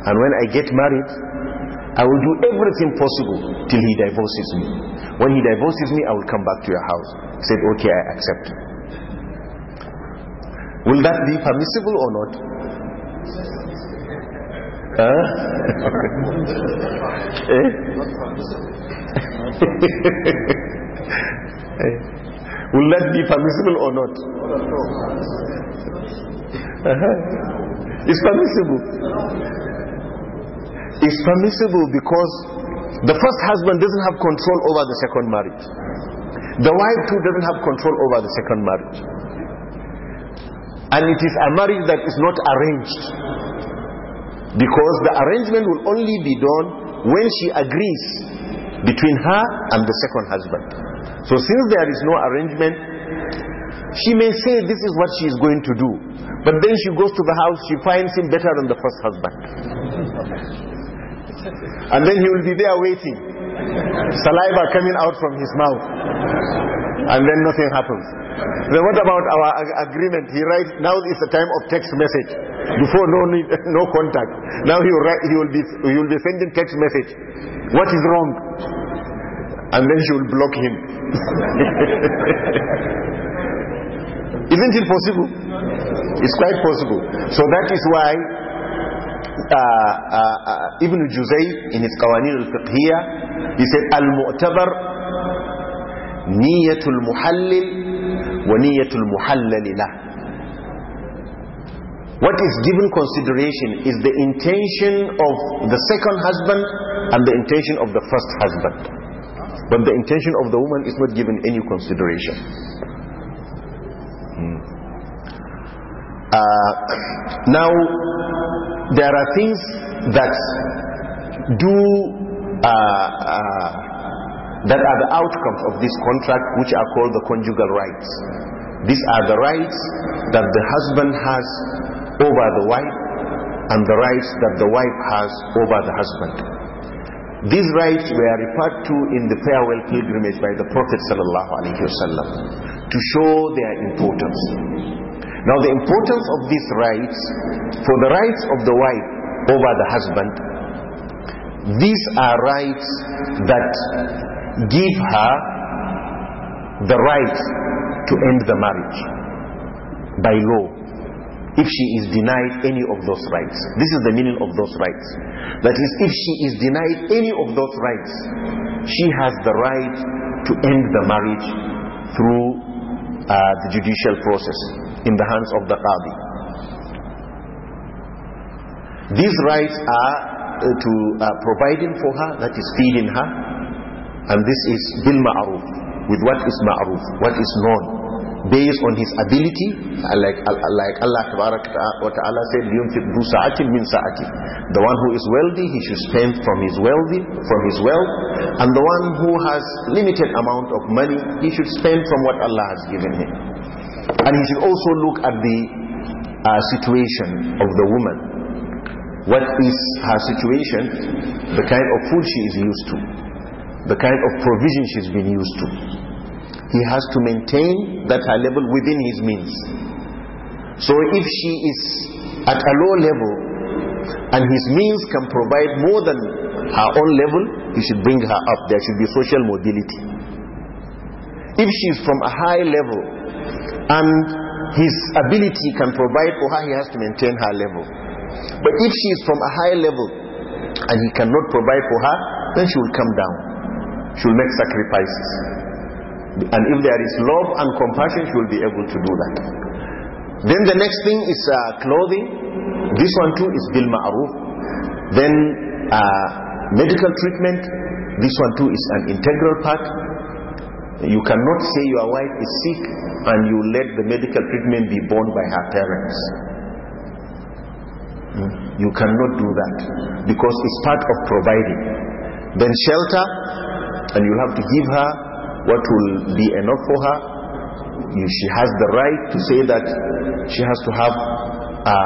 and when I get married, I will do everything possible till he divorces me. When he divorces me, I will come back to your house. He said, okay, I accept. Will that be permissible or not? Huh? Eh? eh? will that be permissible or not? Uh -huh. It's permissible is permissible because the first husband doesn't have control over the second marriage. The wife too doesn't have control over the second marriage. And it is a marriage that is not arranged. Because the arrangement will only be done when she agrees between her and the second husband. So since there is no arrangement, she may say this is what she is going to do. But then she goes to the house, she finds him better than the first husband. And then he will be there waiting. Saliva coming out from his mouth. And then nothing happens. Then what about our agreement? He writes, now is the time of text message. Before no need, no contact. Now he will, write, he will, be, he will be sending text message. What is wrong? And then she will block him. Isn't it possible? It's quite possible. So that is why Ibn Juzay in his Qawanin al he said al-mu'tabar niyatul muhallil what is given consideration is the intention of the second husband and the intention of the first husband but the intention of the woman is not given any consideration hmm. uh, now there are things that do uh, uh, that are the outcomes of this contract which are called the conjugal rights these are the rights that the husband has over the wife and the rights that the wife has over the husband these rights were referred to in the farewell pilgrimage by the Prophet ﷺ to show their importance now the importance of these rights, for the rights of the wife over the husband, these are rights that give her the right to end the marriage by law if she is denied any of those rights. This is the meaning of those rights. That is, if she is denied any of those rights, she has the right to end the marriage through uh, the judicial process in the hands of the Qadi. These rights are uh, to uh, providing for her, that is feeding her, and this is bil ma'ruf, with what is ma'ruf, what is known based on his ability like, like Allah wa ta'ala said min sa'ati the one who is wealthy he should spend from his wealthy from his wealth and the one who has limited amount of money he should spend from what Allah has given him and he should also look at the uh, situation of the woman. What is her situation? The kind of food she is used to. The kind of provision she's been used to. He has to maintain that level within his means. So if she is at a low level and his means can provide more than her own level, he should bring her up. There should be social mobility. If she is from a high level and his ability can provide for her, he has to maintain her level. But if she is from a high level and he cannot provide for her, then she will come down. She will make sacrifices. And if there is love and compassion, she will be able to do that. Then the next thing is uh, clothing. This one too is bil ma'ruf. Then uh, medical treatment. This one too is an integral part you cannot say your wife is sick and you let the medical treatment be borne by her parents. Hmm? You cannot do that because it's part of providing. Then shelter, and you have to give her what will be enough for her. she has the right to say that she has to have a,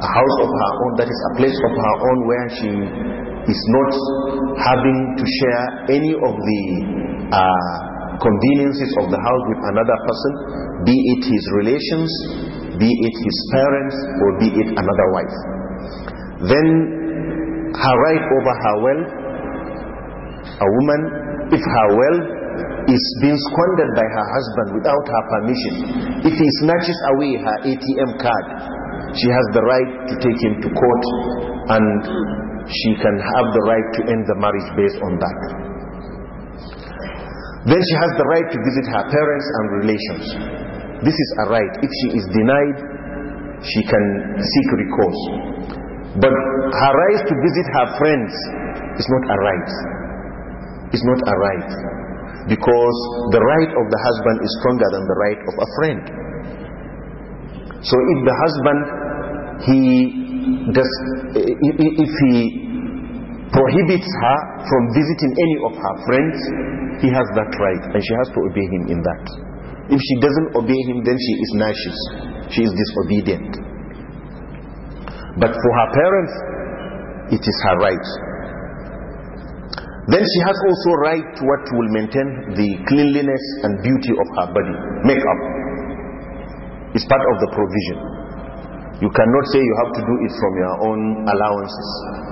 a house of her own, that is a place of her own where she is not having to share any of the uh, conveniences of the house with another person, be it his relations, be it his parents, or be it another wife. Then her right over her wealth, a woman, if her wealth is being squandered by her husband without her permission, if he snatches away her ATM card, she has the right to take him to court and she can have the right to end the marriage based on that. Then she has the right to visit her parents and relations. This is a right. If she is denied, she can seek recourse. But her right to visit her friends is not a right. It's not a right. Because the right of the husband is stronger than the right of a friend. So if the husband, he does, if he prohibits her from visiting any of her friends, he has that right and she has to obey him in that. If she doesn't obey him, then she is nauseous. She is disobedient. But for her parents, it is her right. Then she has also right to what will maintain the cleanliness and beauty of her body. Makeup is part of the provision. You cannot say you have to do it from your own allowances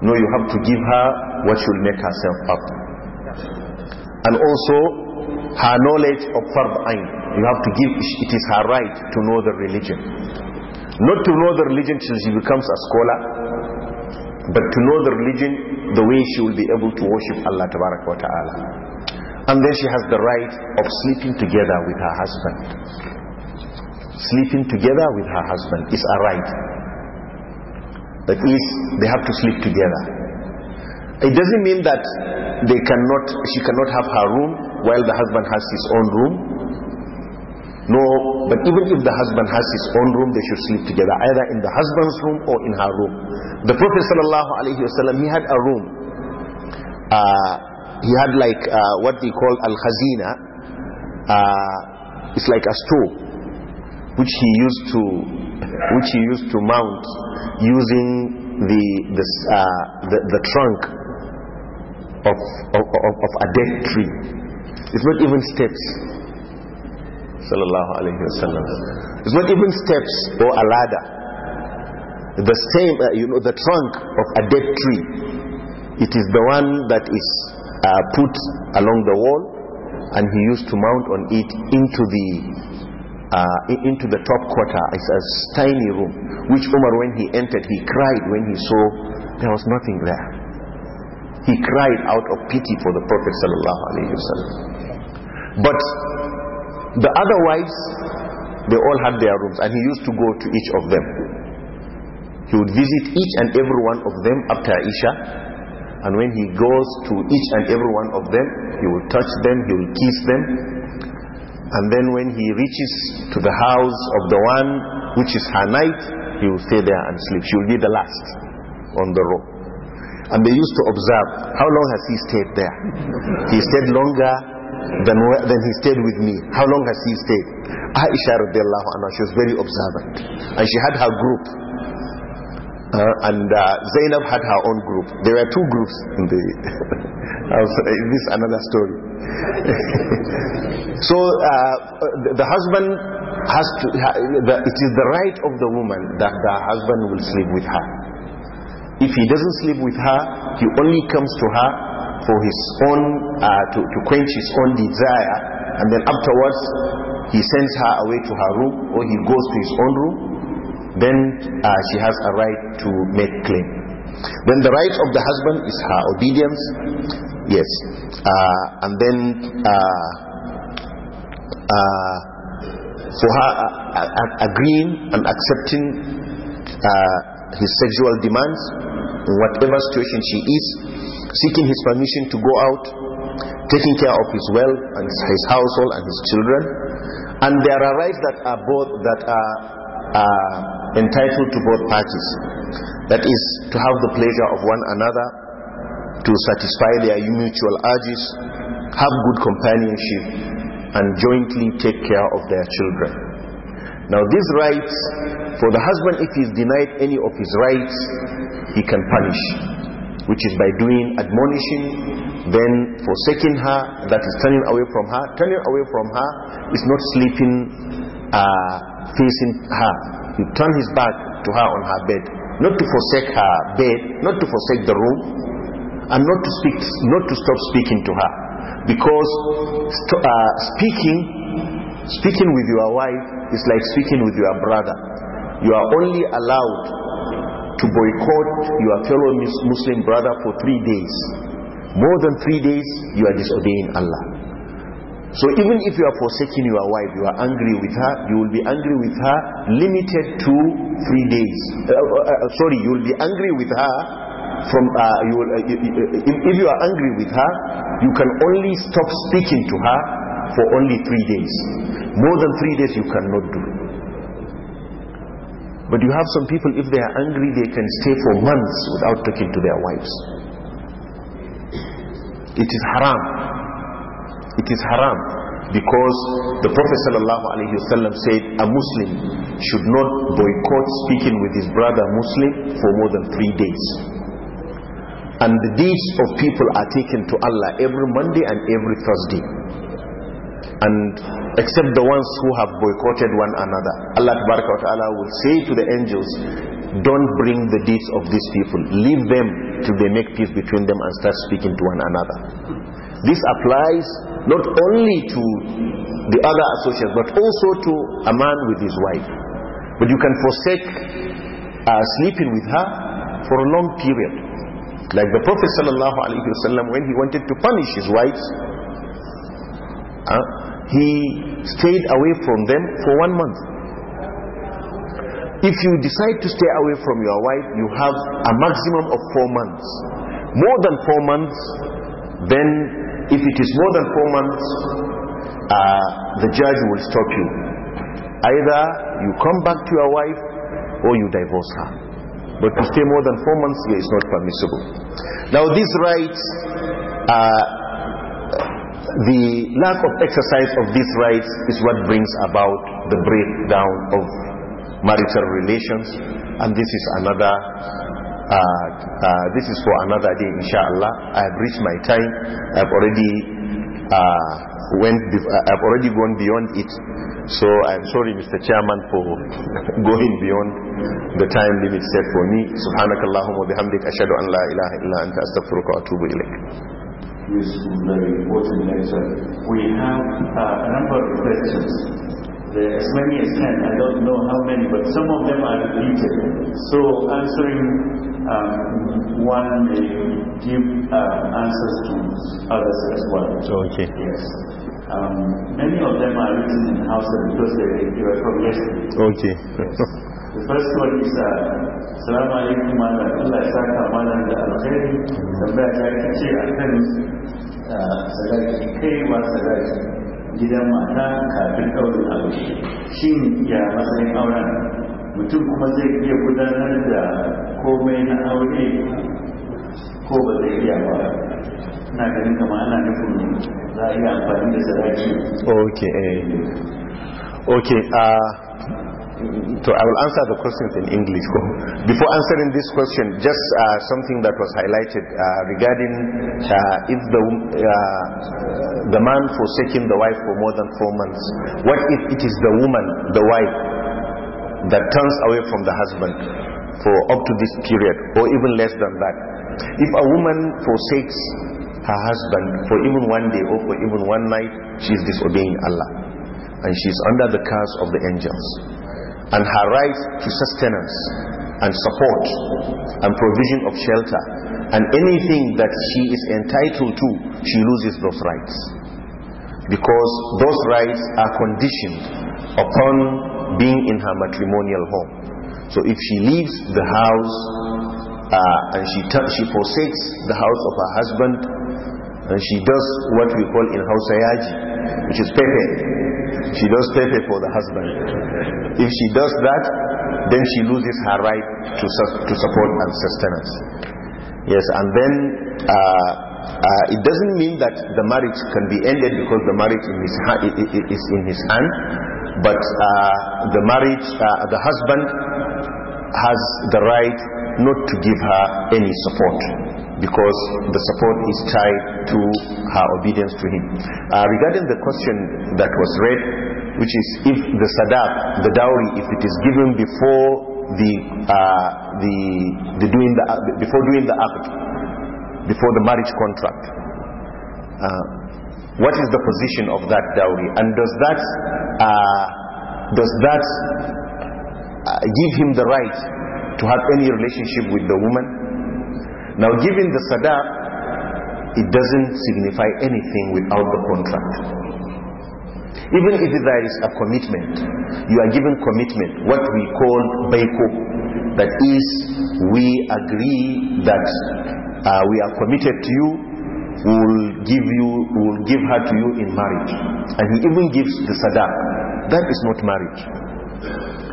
no, you have to give her what she'll make herself up. And also, her knowledge of Fard Ain. You have to give, it is her right to know the religion. Not to know the religion till she becomes a scholar, but to know the religion the way she will be able to worship Allah wa ta'ala. And then she has the right of sleeping together with her husband. Sleeping together with her husband is a right. That is, they have to sleep together. It doesn't mean that they cannot, she cannot have her room while the husband has his own room. No, but even if the husband has his own room, they should sleep together, either in the husband's room or in her room. The Prophet ﷺ, he had a room. Uh, he had like uh, what they call al-khazina. Uh, it's like a stove, which he used to which he used to mount using the, uh, the, the, trunk of, of, of a dead tree. It's not even steps. Sallallahu alayhi wasallam. It's not even steps or a ladder. The same, uh, you know, the trunk of a dead tree. It is the one that is uh, put along the wall, and he used to mount on it into the uh, into the top quarter. It's a tiny room, which Umar, when he entered, he cried when he saw there was nothing there. He cried out of pity for the Prophet ﷺ. But the other wives, they all had their rooms, and he used to go to each of them. He would visit each and every one of them after Isha, and when he goes to each and every one of them, he will touch them, he will kiss them, and then when he reaches to the house of the one which is her night, he will stay there and sleep. She will be the last on the row. And they used to observe, how long has he stayed there? he stayed longer than, than he stayed with me. How long has he stayed? Aisha radiallahu anha, she was very observant. And she had her group. Uh, and uh, Zainab had her own group. There were two groups in the this is another story. so uh, the husband has to, it is the right of the woman that the husband will sleep with her. If he doesn't sleep with her, he only comes to her for his own, uh, to, to quench his own desire, and then afterwards he sends her away to her room or he goes to his own room, then uh, she has a right to make claim. Then the right of the husband is her obedience, Yes. Uh, and then uh, uh, for her uh, uh, uh, agreeing and accepting his sexual demands in whatever situation she is, seeking his permission to go out, taking care of his wealth and his household and his children. And there are rights that are both that are entitled to both parties. That is to have the pleasure of one another to satisfy their mutual urges, have good companionship, and jointly take care of their children. Now these rights, for the husband if he is denied any of his rights, he can punish, which is by doing admonishing, then forsaking her, that is turning away from her. Turning away from her is not sleeping uh, facing her. He turned his back to her on her bed. Not to forsake her bed, not to forsake the room, and not to speak, not to stop speaking to her, because uh, speaking, speaking with your wife is like speaking with your brother. You are only allowed to boycott your fellow Muslim brother for three days. More than three days, you are disobeying Allah. So even if you are forsaking your wife, you are angry with her, you will be angry with her limited to three days. Uh, uh, uh sorry, you will be angry with her from uh, you will, uh, uh, if you are angry with her you can only stop speaking to her for only three days more than three days you cannot do but you have some people if they are angry they can stay for months without talking to their wives it is haram it is haram because the Prophet ﷺ said a Muslim should not boycott speaking with his brother Muslim for more than three days and the deeds of people are taken to Allah every Monday and every Thursday and except the ones who have boycotted one another Allah Ta'ala will say to the angels don't bring the deeds of these people leave them till they make peace between them and start speaking to one another this applies not only to the other associates but also to a man with his wife but you can forsake uh, sleeping with her for a long period like the Prophet ﷺ, when he wanted to punish his wives, uh, he stayed away from them for one month. If you decide to stay away from your wife, you have a maximum of four months. More than four months, then if it is more than four months, uh, the judge will stop you. Either you come back to your wife or you divorce her. But to stay more than four months here is not permissible. Now these rights the lack of exercise of these rights is what brings about the breakdown of marital relations and this is another uh, uh, this is for another day inshallah I have reached my time I have already uh, went uh, I've already gone beyond it. So I'm sorry, Mr. Chairman, for going beyond the time limit set for me. Subhanaka Allahumma bihamdik ashadu an la ilaha illa anta astaghfiruka wa atubu ilaik. This is very important We have uh, a number of questions. there as many as ten. I don't know how many, but some of them are repeated. So answering um, one may give uh, answers to others as well. Okay. Yes. Um, many of them are written in Hausa because they, they were from yesterday. Okay. Yes. The first one is uh, alaikum malam Allah ya saka da alkhairi a kan kai ma gidan mata kafin ɗaurin aure shi ya matsayin auren mutum kuma zai iya gudanar da komai na aure ko ba zai iya ba na ganin kama ana nufin za a iya amfani da sadaki ok eh, ok a uh... so I will answer the questions in English. Before answering this question, just uh, something that was highlighted uh, regarding uh, if the, uh, the man forsaking the wife for more than four months, what if it is the woman, the wife, that turns away from the husband for up to this period or even less than that? If a woman forsakes her husband for even one day or for even one night, she is disobeying Allah and she is under the curse of the angels and her right to sustenance and support and provision of shelter and anything that she is entitled to, she loses those rights. Because those rights are conditioned upon being in her matrimonial home. So if she leaves the house uh, and she, she forsakes the house of her husband and she does what we call in Hausa Yaji, which is Pepe. She does Pepe for the husband. If she does that, then she loses her right to, to support and sustenance. Yes, and then uh, uh, it doesn't mean that the marriage can be ended because the marriage in his ha- is in his hand, but uh, the marriage, uh, the husband has the right not to give her any support because the support is tied to her obedience to him. Uh, regarding the question that was read, which is if the sadaq, the dowry, if it is given before the, uh, the, the, doing the, uh, before doing the act, before the marriage contract, uh, what is the position of that dowry? And does that, uh, does that uh, give him the right to have any relationship with the woman? Now, giving the sadaq, it doesn't signify anything without the contract. Even if there is a commitment, you are given commitment, what we call baiko. That is, we agree that uh, we are committed to you, will give you will give her to you in marriage and he even gives the sadaq that is not marriage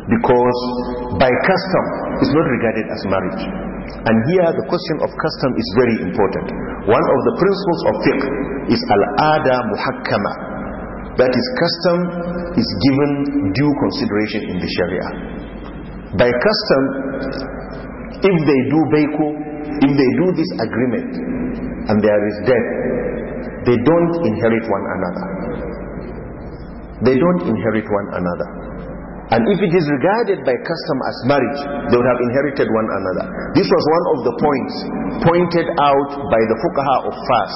because by custom it's not regarded as marriage And here the question of custom is very important. One of the principles of fiqh is al-ada muhakkama. That is custom is given due consideration in the sharia. By custom, if they do baiko, if they do this agreement and there is death, they don't inherit one another. They don't inherit one another. And if it is regarded by custom as marriage, they would have inherited one another. This was one of the points pointed out by the fuqaha of Fas,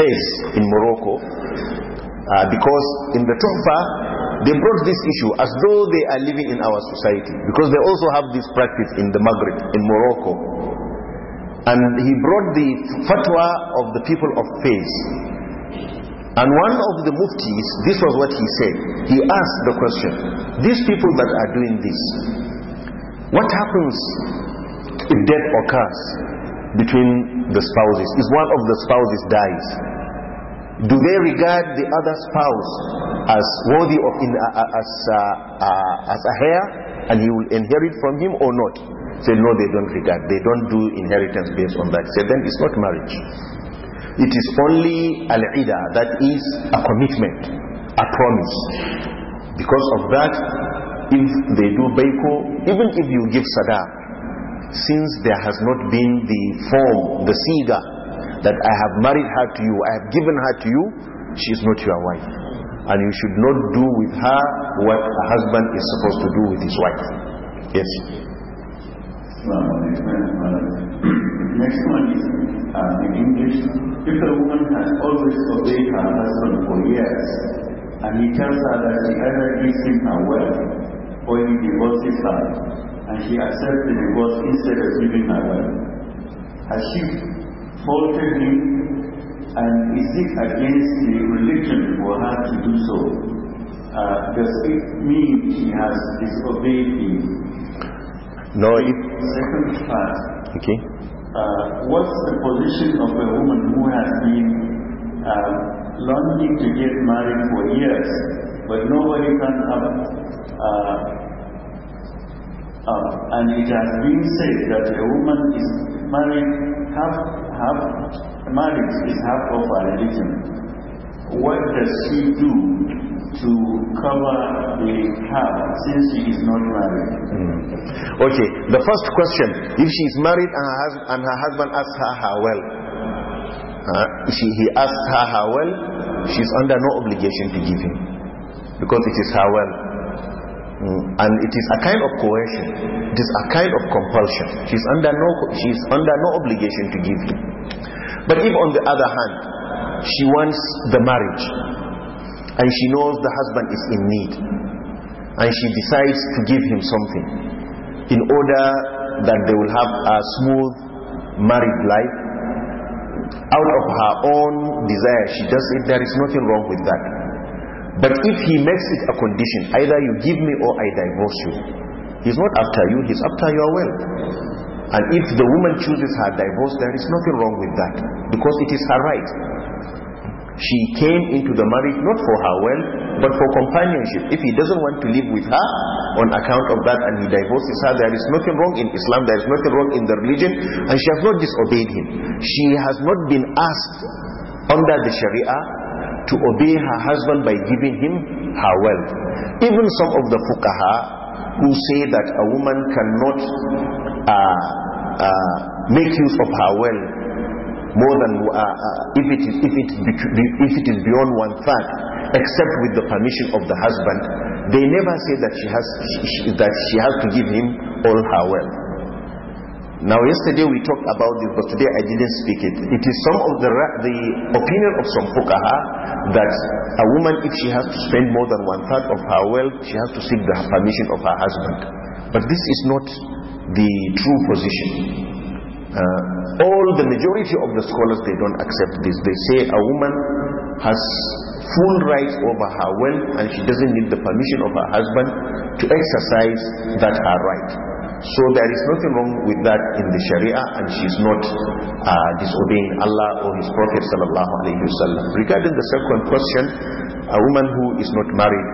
Fes in Morocco, uh, because in the Tuhfa, they brought this issue as though they are living in our society, because they also have this practice in the Maghreb, in Morocco. And he brought the fatwa of the people of Fes, and one of the muftis, this was what he said. He asked the question, these people that are doing this, what happens if death occurs between the spouses? If one of the spouses dies, do they regard the other spouse as worthy of in, uh, as, uh, uh, as a heir and he will inherit from him or not? Say no, they don't regard. They don't do inheritance based on that. Say then it's not marriage. It is only al-ida, that is a commitment, a promise. Because of that, if they do baiko, even if you give sada, since there has not been the form, the siga, that I have married her to you, I have given her to you, she is not your wife. And you should not do with her what a husband is supposed to do with his wife. Yes. Next one is uh, in English. If a woman has always obeyed her husband for years, and he tells her that she either gives him her wealth or he divorces her, and she accepts the divorce instead of giving her wealth, has she faulted him and is it against the religion for her to do so? Uh, does it mean she has disobeyed him? No, it. Second part. Okay. Uh, what's the position of a woman who has been um, longing to get married for years, but nobody can help? uh, and it has been said that a woman is married half half marriage is half of her religion. What does she do to cover the car since she is not married. Mm. Okay, the first question if she is married and her, and her husband asks her how well, uh, she, he asks her how well, she's under no obligation to give him because it is her well. Mm. And it is a kind of coercion. It is a kind of compulsion. She's under no she's under no obligation to give him. But if on the other hand she wants the marriage, and she knows the husband is in need and she decides to give him something in order that they will have a smooth married life out of her own desire she does it there is nothing wrong with that but if he makes it a condition either you give me or I divorce you he's not after you he's after your wealth and if the woman chooses her divorce there is nothing wrong with that because it is her right she came into the marriage not for her wealth but for companionship if he doesn't want to live with her on account of that and he divorces her there is nothing wrong in Islam there is nothing wrong in the religion and she has not disobeyed him she has not been asked under the sharia to obey her husband by giving him her wealth even some of the fuqaha who say that a woman cannot uh, uh, make use of her wealth more than uh, uh, if it is if it if it is beyond one third, except with the permission of the husband. They never say that she has she, that she has to give him all her wealth. Now, yesterday we talked about this, but today I didn't speak it. It is some of the the opinion of some fuqaha that a woman, if she has to spend more than one third of her wealth, she has to seek the permission of her husband. But this is not the true position. Uh, all the majority of the scholars, they don't accept this. They say a woman has full rights over her wealth and she doesn't need the permission of her husband to exercise that her right. So there is nothing wrong with that in the Sharia and she's not uh, disobeying Allah or His Prophet sallallahu alayhi wasallam. Regarding the second question, a woman who is not married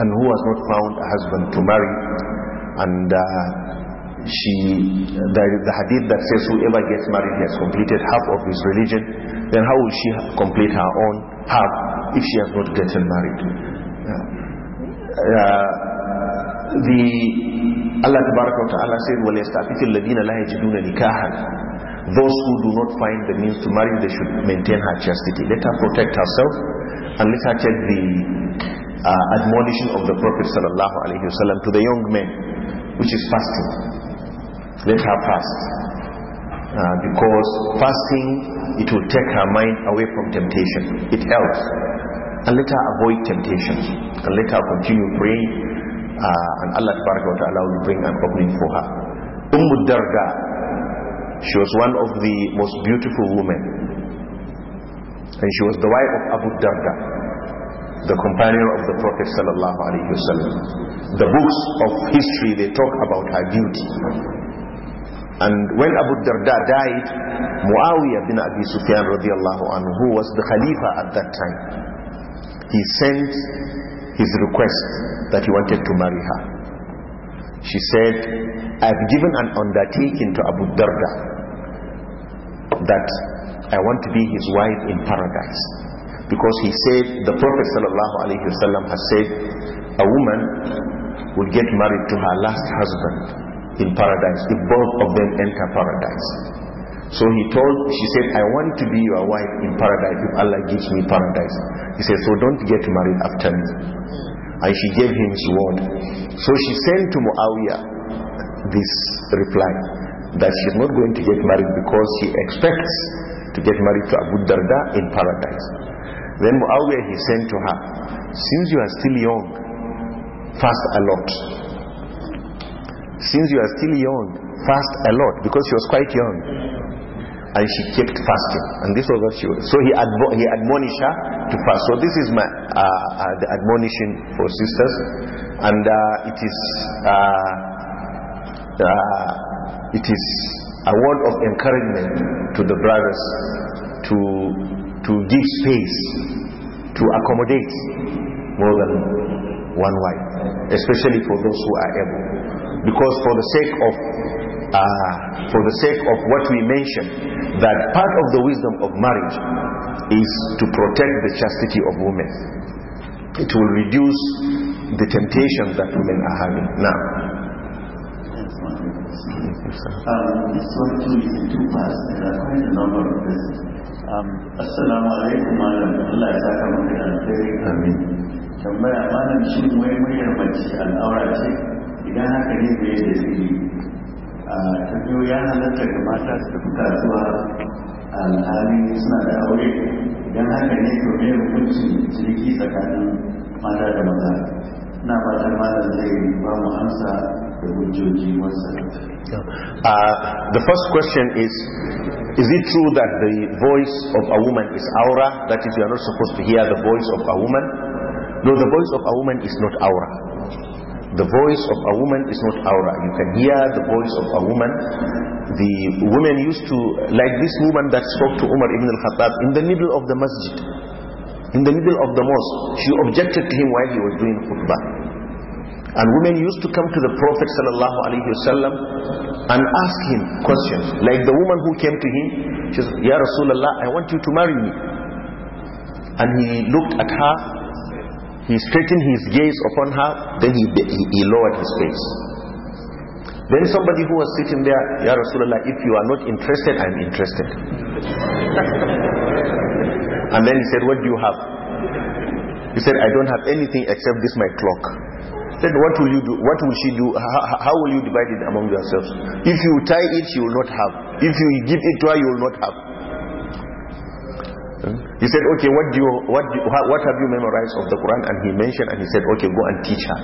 and who has not found a husband to marry and uh, she the, the hadith that says whoever gets married has completed half of his religion then how will she complete her own half if she has not gotten married uh, the Allah Ta'ala said وَلْيَسْتَعْفِفِ الَّذِينَ لَا يَجِدُونَ نِكَاحًا those who do not find the means to marry, they should maintain her chastity. Let her protect herself and let her take the uh, admonition of the Prophet sallallahu alaihi wasallam to the young men, which is fasting. Let her fast. Uh, because fasting, it will take her mind away from temptation. It helps. And let her avoid temptations. And let her continue praying. Uh, and Allah Ta'ala will bring an opening for her. Umm she was one of the most beautiful women. And she was the wife of Abu Darda, the companion of the Prophet Sallallahu Alaihi Wasallam. The books of history, they talk about her beauty. And when Abu Darda died, Muawiyah bin Abi Sufyan radiallahu anhu, who was the Khalifa at that time, he sent his request that he wanted to marry her. She said, I have given an undertaking to Abu Darda that I want to be his wife in paradise. Because he said, the Prophet ﷺ has said, a woman will get married to her last husband in paradise if both of them enter paradise. So he told, she said, I want to be your wife in paradise if Allah gives me paradise. He said, so don't get married after me. And she gave him his word. So she sent to Muawiyah this reply that she's not going to get married because she expects to get married to Abu Darda in paradise. Then Muawiyah he sent to her, since you are still young, fast a lot since you are still young, fast a lot because she was quite young. And she kept fasting. And this was what she was. So he, admo- he admonished her to fast. So this is my, uh, uh, the admonition for sisters. And uh, it is. Uh, uh, it is a word of encouragement to the brothers to to give space to accommodate more than one wife, especially for those who are able because for the sake of uh, for the sake of what we mentioned that part of the wisdom of marriage is to protect the chastity of women it will reduce the temptation that women are having now um, this one too is in two parts. There are quite a number of this. Um, Assalamu alaikum, Allah idan haka ne da yadda su yi a tafiyo ya halatta ga mata su tafi kasuwa alhali suna da aure idan haka ne to ne hukuncin ciniki tsakanin mata da maza na fatan malam zai ba mu amsa da hujjoji wasu Uh, the first question is Is it true that the voice of a woman is aura? That is, you are not supposed to hear the voice of a woman? No, the voice of a woman is not aura. The voice of a woman is not aura. You can hear the voice of a woman. The women used to, like this woman that spoke to Umar ibn al-Khattab in the middle of the masjid, in the middle of the mosque. She objected to him while he was doing khutbah. And women used to come to the Prophet wasallam and ask him questions. Like the woman who came to him, she said, Ya Rasulullah, I want you to marry me. And he looked at her he straightened his gaze upon her, then he, he, he lowered his face. Then somebody who was sitting there, Ya Rasulullah, if you are not interested, I'm interested. and then he said, What do you have? He said, I don't have anything except this my clock. He said, What will you do? What will she do? How, how will you divide it among yourselves? If you tie it, you will not have. If you give it to her, you will not have. He said, okay, what, do you, what, do what have you memorized of the Quran? And he mentioned and he said, okay, go and teach her.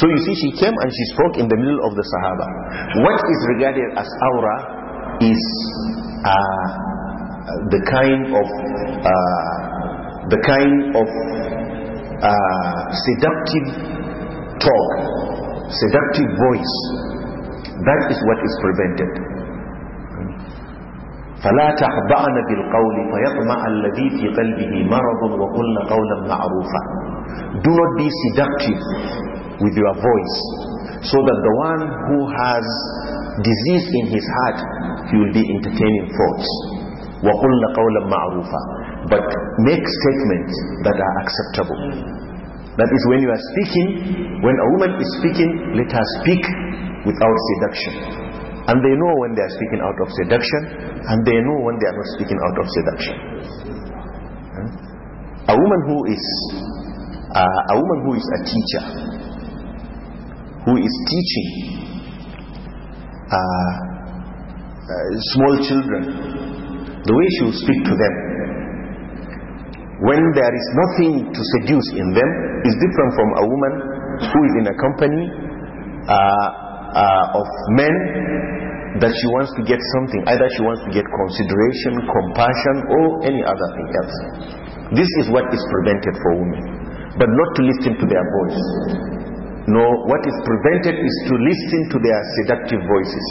So you see, she came and she spoke in the middle of the Sahaba. What is regarded as aura is uh, the kind of uh, the kind of uh, seductive talk, seductive voice. That is what is prevented. فلا تحبعن بالقول فيطمع الذي في قلبه مرض وقلن قولا معروفا do not be seductive with your voice so that the one who has disease in his heart he will be entertaining thoughts وقلن قولا معروفا but make statements that are acceptable that is when you are speaking when a woman is speaking let her speak without seduction And they know when they are speaking out of seduction, and they know when they are not speaking out of seduction. Hmm? A woman who is uh, a woman who is a teacher, who is teaching uh, uh, small children, the way she will speak to them, when there is nothing to seduce in them is different from a woman who is in a company uh, uh, of men that she wants to get something. Either she wants to get consideration, compassion, or any other thing else. This is what is prevented for women. But not to listen to their voice. No, what is prevented is to listen to their seductive voices.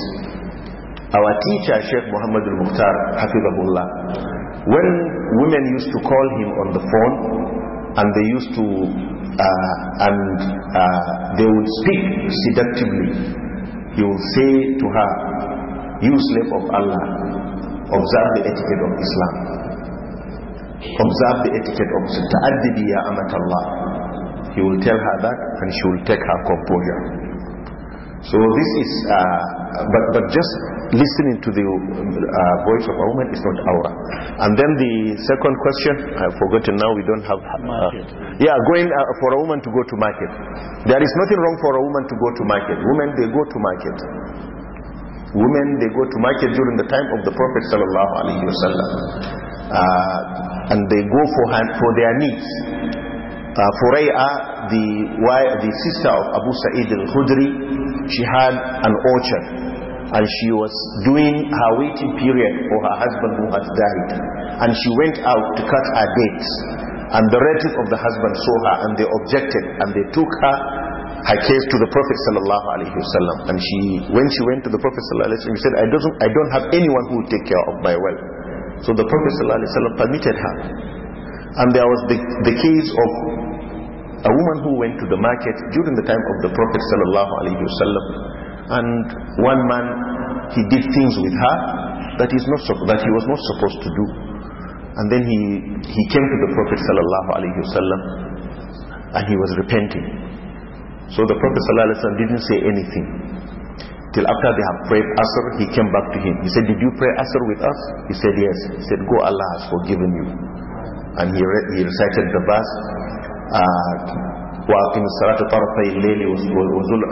Our teacher, Sheikh Muhammad al-Mukhtar, Hafizahullah, when women used to call him on the phone, and they used to, uh, and uh, they would speak seductively, he will say to her, You slave of Allah, observe the etiquette of Islam. Observe the etiquette of Ta'addidi ya amat He will tell her that and she will take her composure. So this is, uh, but, but just listening to the uh, voice of a woman is not aura. And then the second question, I've forgotten now, we don't have. Uh, yeah, going uh, for a woman to go to market. There is nothing wrong for a woman to go to market. Women, they go to market. Women, they go to market during the time of the Prophet sallallahu alaihi wasallam, uh, and they go for for their needs. Uh, Furaya, the, the sister of Abu Sa'id al-Khudri, she had an orchard and she was doing her waiting period for her husband who had died and she went out to cut her dates and the relative of the husband saw her and they objected and they took her her case to the Prophet sallallahu alaihi wasallam and she when she went to the Prophet sallallahu alaihi wasallam she said I don't I don't have anyone who will take care of my well so the Prophet sallallahu alaihi wasallam permitted her and there was the, the case of a woman who went to the market during the time of the Prophet sallallahu alaihi wasallam, and one man he did things with her that is not that he was not supposed to do, and then he he came to the Prophet sallallahu alaihi wasallam, and he was repenting. So the Prophet ﷺ didn't say anything till after they have prayed Asr. He came back to him. He said, "Did you pray Asr with us?" He said, "Yes." He said, "Go, Allah has forgiven you." And he, he recited the verse, وأقم الصلاة طرفي الليل وزل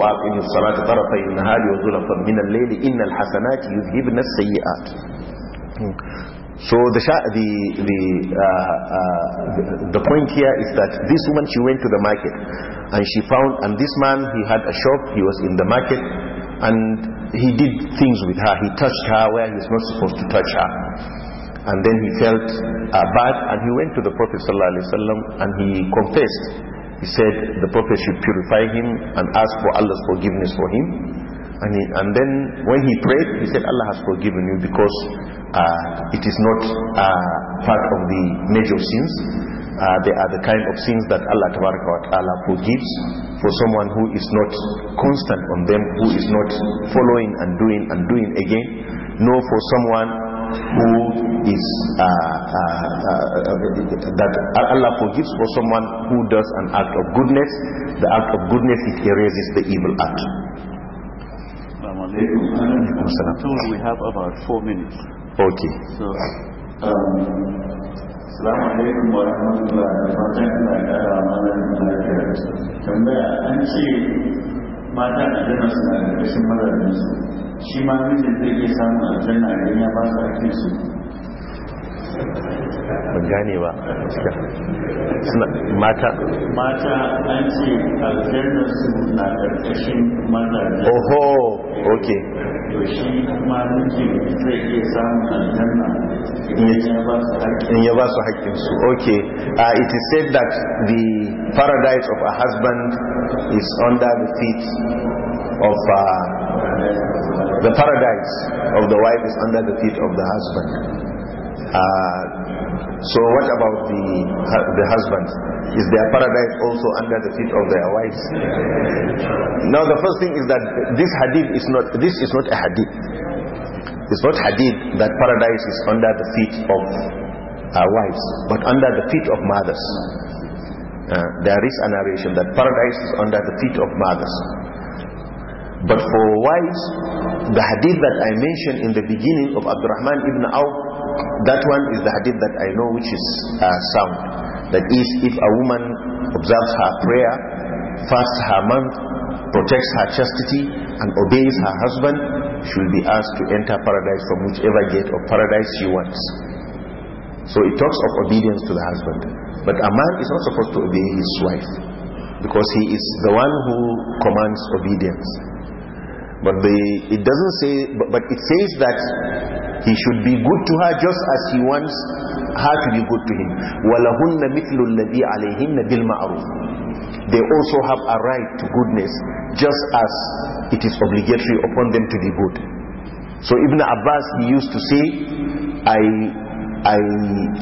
وأقم الصلاة طرفي النهار وزلفا من الليل إن الحسنات يذهبن السيئات So the, the, the, uh, uh, the point here is that this woman, she went to the market and she found, and this man, he had a shop, he was in the market and he did things with her, he touched her where he was not supposed to touch her. and then he felt uh, bad and he went to the Prophet ﷺ and he confessed. He said the Prophet should purify him and ask for Allah's forgiveness for him. And, he, and then when he prayed, he said, Allah has forgiven you because uh, it is not uh, part of the major sins. Uh, they are the kind of sins that Allah Ta'ala forgives for someone who is not constant on them, who is not following and doing and doing again. No, for someone who is uh, uh, uh, uh, that Allah forgives for someone who does an act of goodness. The act of goodness it erases the evil act. So we have about four minutes. Okay. So, um, Assalamu alaikum wa rahmatullahi wa barakatuh. mata aljanna su a ƙarƙashin su shi ma mijin da zai iya samun aljanna idan ya ba su aikinsu ban gane ba suna mata mata an ce aljannar su na oho ok shi kuma nuke zai iya samun aljanna in ya ba su haƙƙinsu uh, it is said that the paradise of a husband is under the feet of uh, the paradise of the wife is under the feet of the husband Uh, so what about the the husbands? Is their paradise also under the feet of their wives? Now the first thing is that this hadith is not this is not a hadith. It's not hadith that paradise is under the feet of our wives, but under the feet of mothers. Uh, there is a narration that paradise is under the feet of mothers. But for wives, the hadith that I mentioned in the beginning of Abdurrahman ibn Auf that one is the hadith that I know which is uh, sound. That is, if a woman observes her prayer, fasts her month, protects her chastity, and obeys her husband, she will be asked to enter paradise from whichever gate of paradise she wants. So it talks of obedience to the husband. But a man is not supposed to obey his wife because he is the one who commands obedience. But the, it doesn't say, but, but it says that he should be good to her just as he wants her to be good to him. وَلَهُنَّ مِثْلُ الَّذِي عَلَيْهِنَّ بِالْمَعْرُوفِ They also have a right to goodness just as it is obligatory upon them to be good. So Ibn Abbas he used to say, I, I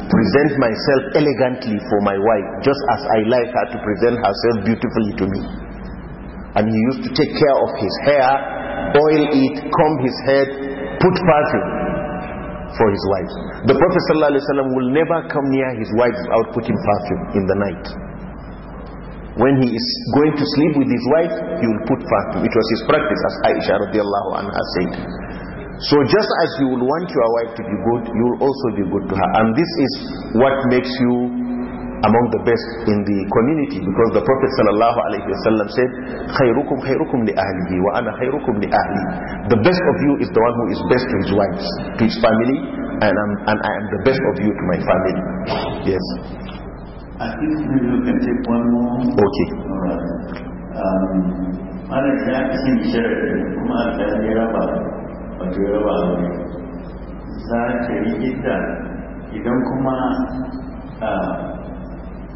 present myself elegantly for my wife just as I like her to present herself beautifully to me. And he used to take care of his hair, oil it, comb his head, put perfume for his wife. The Prophet ﷺ will never come near his wife without putting perfume in the night. When he is going to sleep with his wife, he will put perfume. It was his practice, as Aisha radiallahu anha said. So just as you will want your wife to be good, you will also be good to her. And this is what makes you among the best in the community because the Prophet sallallahu alaihi wasallam said, "Khayrukum khayrukum li ahlihi wa ana khayrukum li The best of you is the one who is best to his wives, to his family, and I'm, and I am the best of you to my family. Yes. I think maybe we can take one more. Okay. All right. Um, ana da share. shirin kuma da ya raba wato ya raba za ta yi idda idan kuma uh,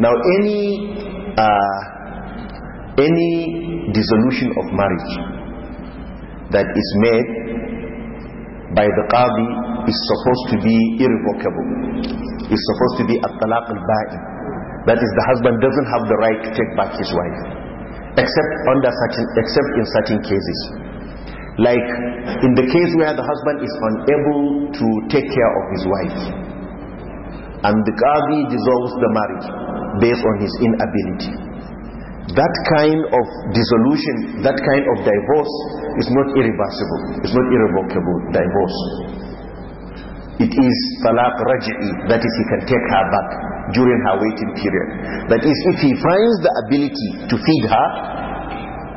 Now any uh, any dissolution of marriage that is made by the qadi is supposed to be irrevocable. It's supposed to be a talaq al-ba'i. That is the husband doesn't have the right to take back his wife except under certain except in certain cases. Like in the case where the husband is unable to take care of his wife and the qadi dissolves the marriage based on his inability. That kind of dissolution, that kind of divorce is not irreversible. It's not irrevocable divorce. It is talaq raj'i, that is he can take her back during her waiting period. That is if he finds the ability to feed her,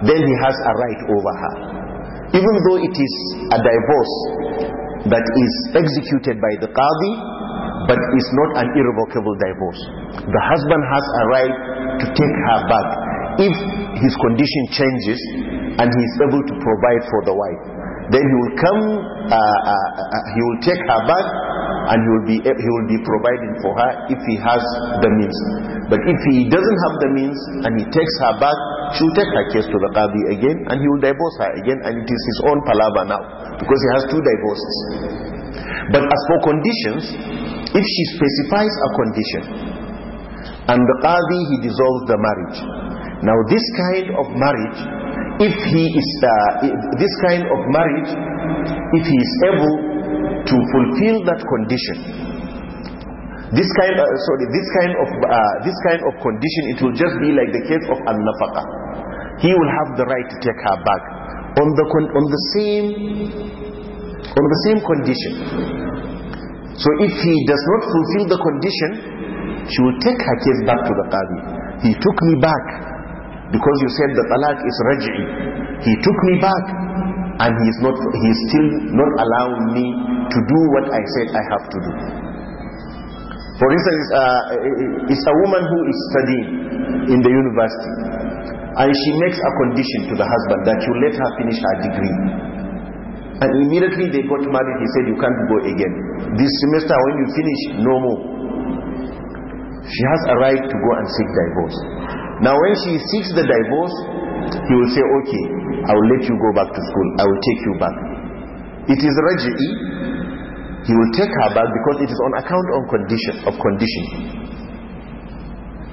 then he has a right over her. Even though it is a divorce that is executed by the qadi, but it's not an irrevocable divorce. The husband has a right to take her back if his condition changes and he is able to provide for the wife. Then he will come, uh, uh, uh, he will take her back and he will, be, he will be providing for her if he has the means. But if he doesn't have the means and he takes her back, she'll take her case to the Qadi again and he will divorce her again and it is his own palaver now because he has two divorces. But as for conditions, if she specifies a condition and the qadi he dissolves the marriage. Now this kind of marriage, if he is uh, this kind of marriage, if he is able to fulfill that condition, this kind, uh, sorry, this kind of uh, this kind of condition, it will just be like the case of al nafaqa. He will have the right to take her back on the on the same on the same condition so if he does not fulfill the condition, she will take her case back to the Qadi. He took me back because you said the talaq is raj'i. He took me back and he is, not, he is still not allowing me to do what I said I have to do. For instance, uh, it's a woman who is studying in the university and she makes a condition to the husband that you let her finish her degree And immediately they got married, he said, You can't go again. This semester, when you finish, no more. She has a right to go and seek divorce. Now, when she seeks the divorce, he will say, Okay, I will let you go back to school. I will take you back. It is raj'i. He will take her back because it is on account of condition. Of condition.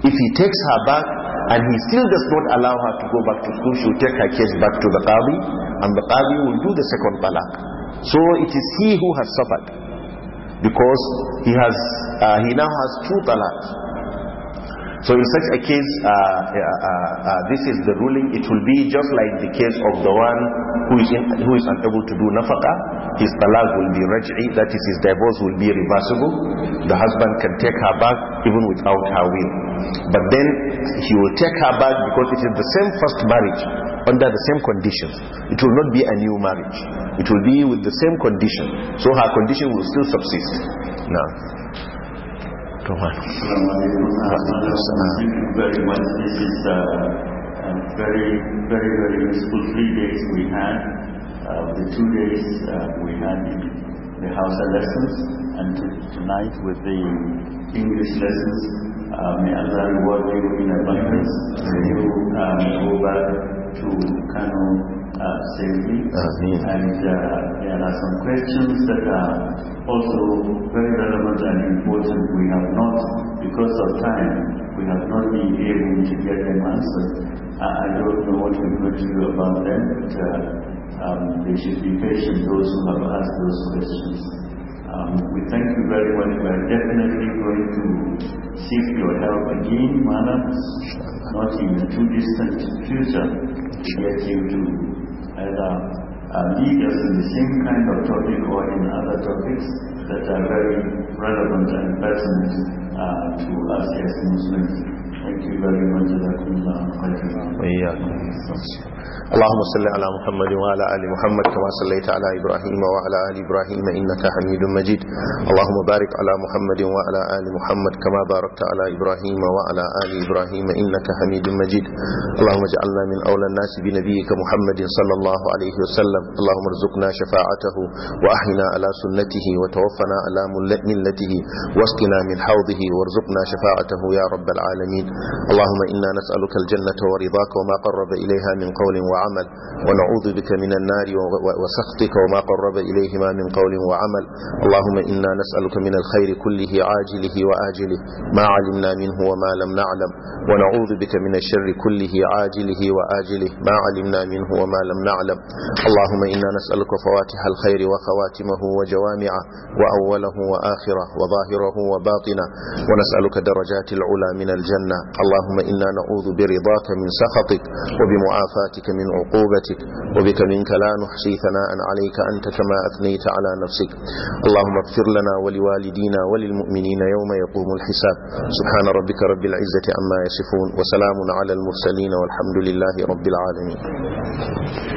If he takes her back, and he still does not allow her to go back to school, she will take her case back to the Qadi and the Qadi will do the second talaq. So it is he who has suffered because he, has, uh, he now has two talaqs. So in such a case, uh uh, uh, uh, this is the ruling. It will be just like the case of the one who is, in, who is unable to do nafaqa His talaq will be raj'i, that is his divorce will be reversible. The husband can take her back even without her will. But then he will take her back because it is the same first marriage under the same conditions. It will not be a new marriage. It will be with the same condition. So her condition will still subsist. Now. you Very much. This is uh, a very, very, very useful three days we had. Uh, the two days uh, we had the Hausa lessons, and tonight with the English lessons. Uh, may Allah reward you in abundance. May you um, go back to Kano uh, safely. And uh, there are some questions that are also very relevant and important. We have not, because of time, we have not been able to get them answers. I don't know what we're going to do about them, but uh, um, they should be patient, those who have asked those questions. Um, we thank you very much. We are definitely going to seek your help again, madam, not in the too distant future, to get you to either lead us in the same kind of topic or in other topics that are very relevant and pertinent uh, to us as Muslims. وإياكم اللهم صل على محمد وعلى آل محمد كما صليت على إبراهيم وعلى آل إبراهيم إنك حميد مجيد اللهم بارك على محمد وعلى آل محمد كما باركت على إبراهيم وعلى آل إبراهيم إنك حميد مجيد اللهم اجعلنا من أولى الناس بنبيك محمد صلى الله عليه وسلم اللهم ارزقنا شفاعته وأحينا على سنته وتوفنا على ملته واسقنا من حوضه وارزقنا شفاعته يا رب العالمين اللهم إنا نسألك الجنة ورضاك وما قرب إليها من قول وعمل ونعوذ بك من النار وسخطك وما قرب إليهما من قول وعمل اللهم إنا نسألك من الخير كله عاجله وآجله ما علمنا منه وما لم نعلم ونعوذ بك من الشر كله عاجله وآجله ما علمنا منه وما لم نعلم اللهم إنا نسألك فواتح الخير وخواتمه وجوامعه وأوله وآخره وظاهره وباطنه ونسألك درجات العلا من الجنة اللهم إنا نعوذ برضاك من سخطك وبمعافاتك من عقوبتك وبك منك لا نحصي ثناء عليك أنت كما أثنيت على نفسك اللهم اغفر لنا ولوالدينا وللمؤمنين يوم يقوم الحساب سبحان ربك رب العزة عما يصفون وسلام على المرسلين والحمد لله رب العالمين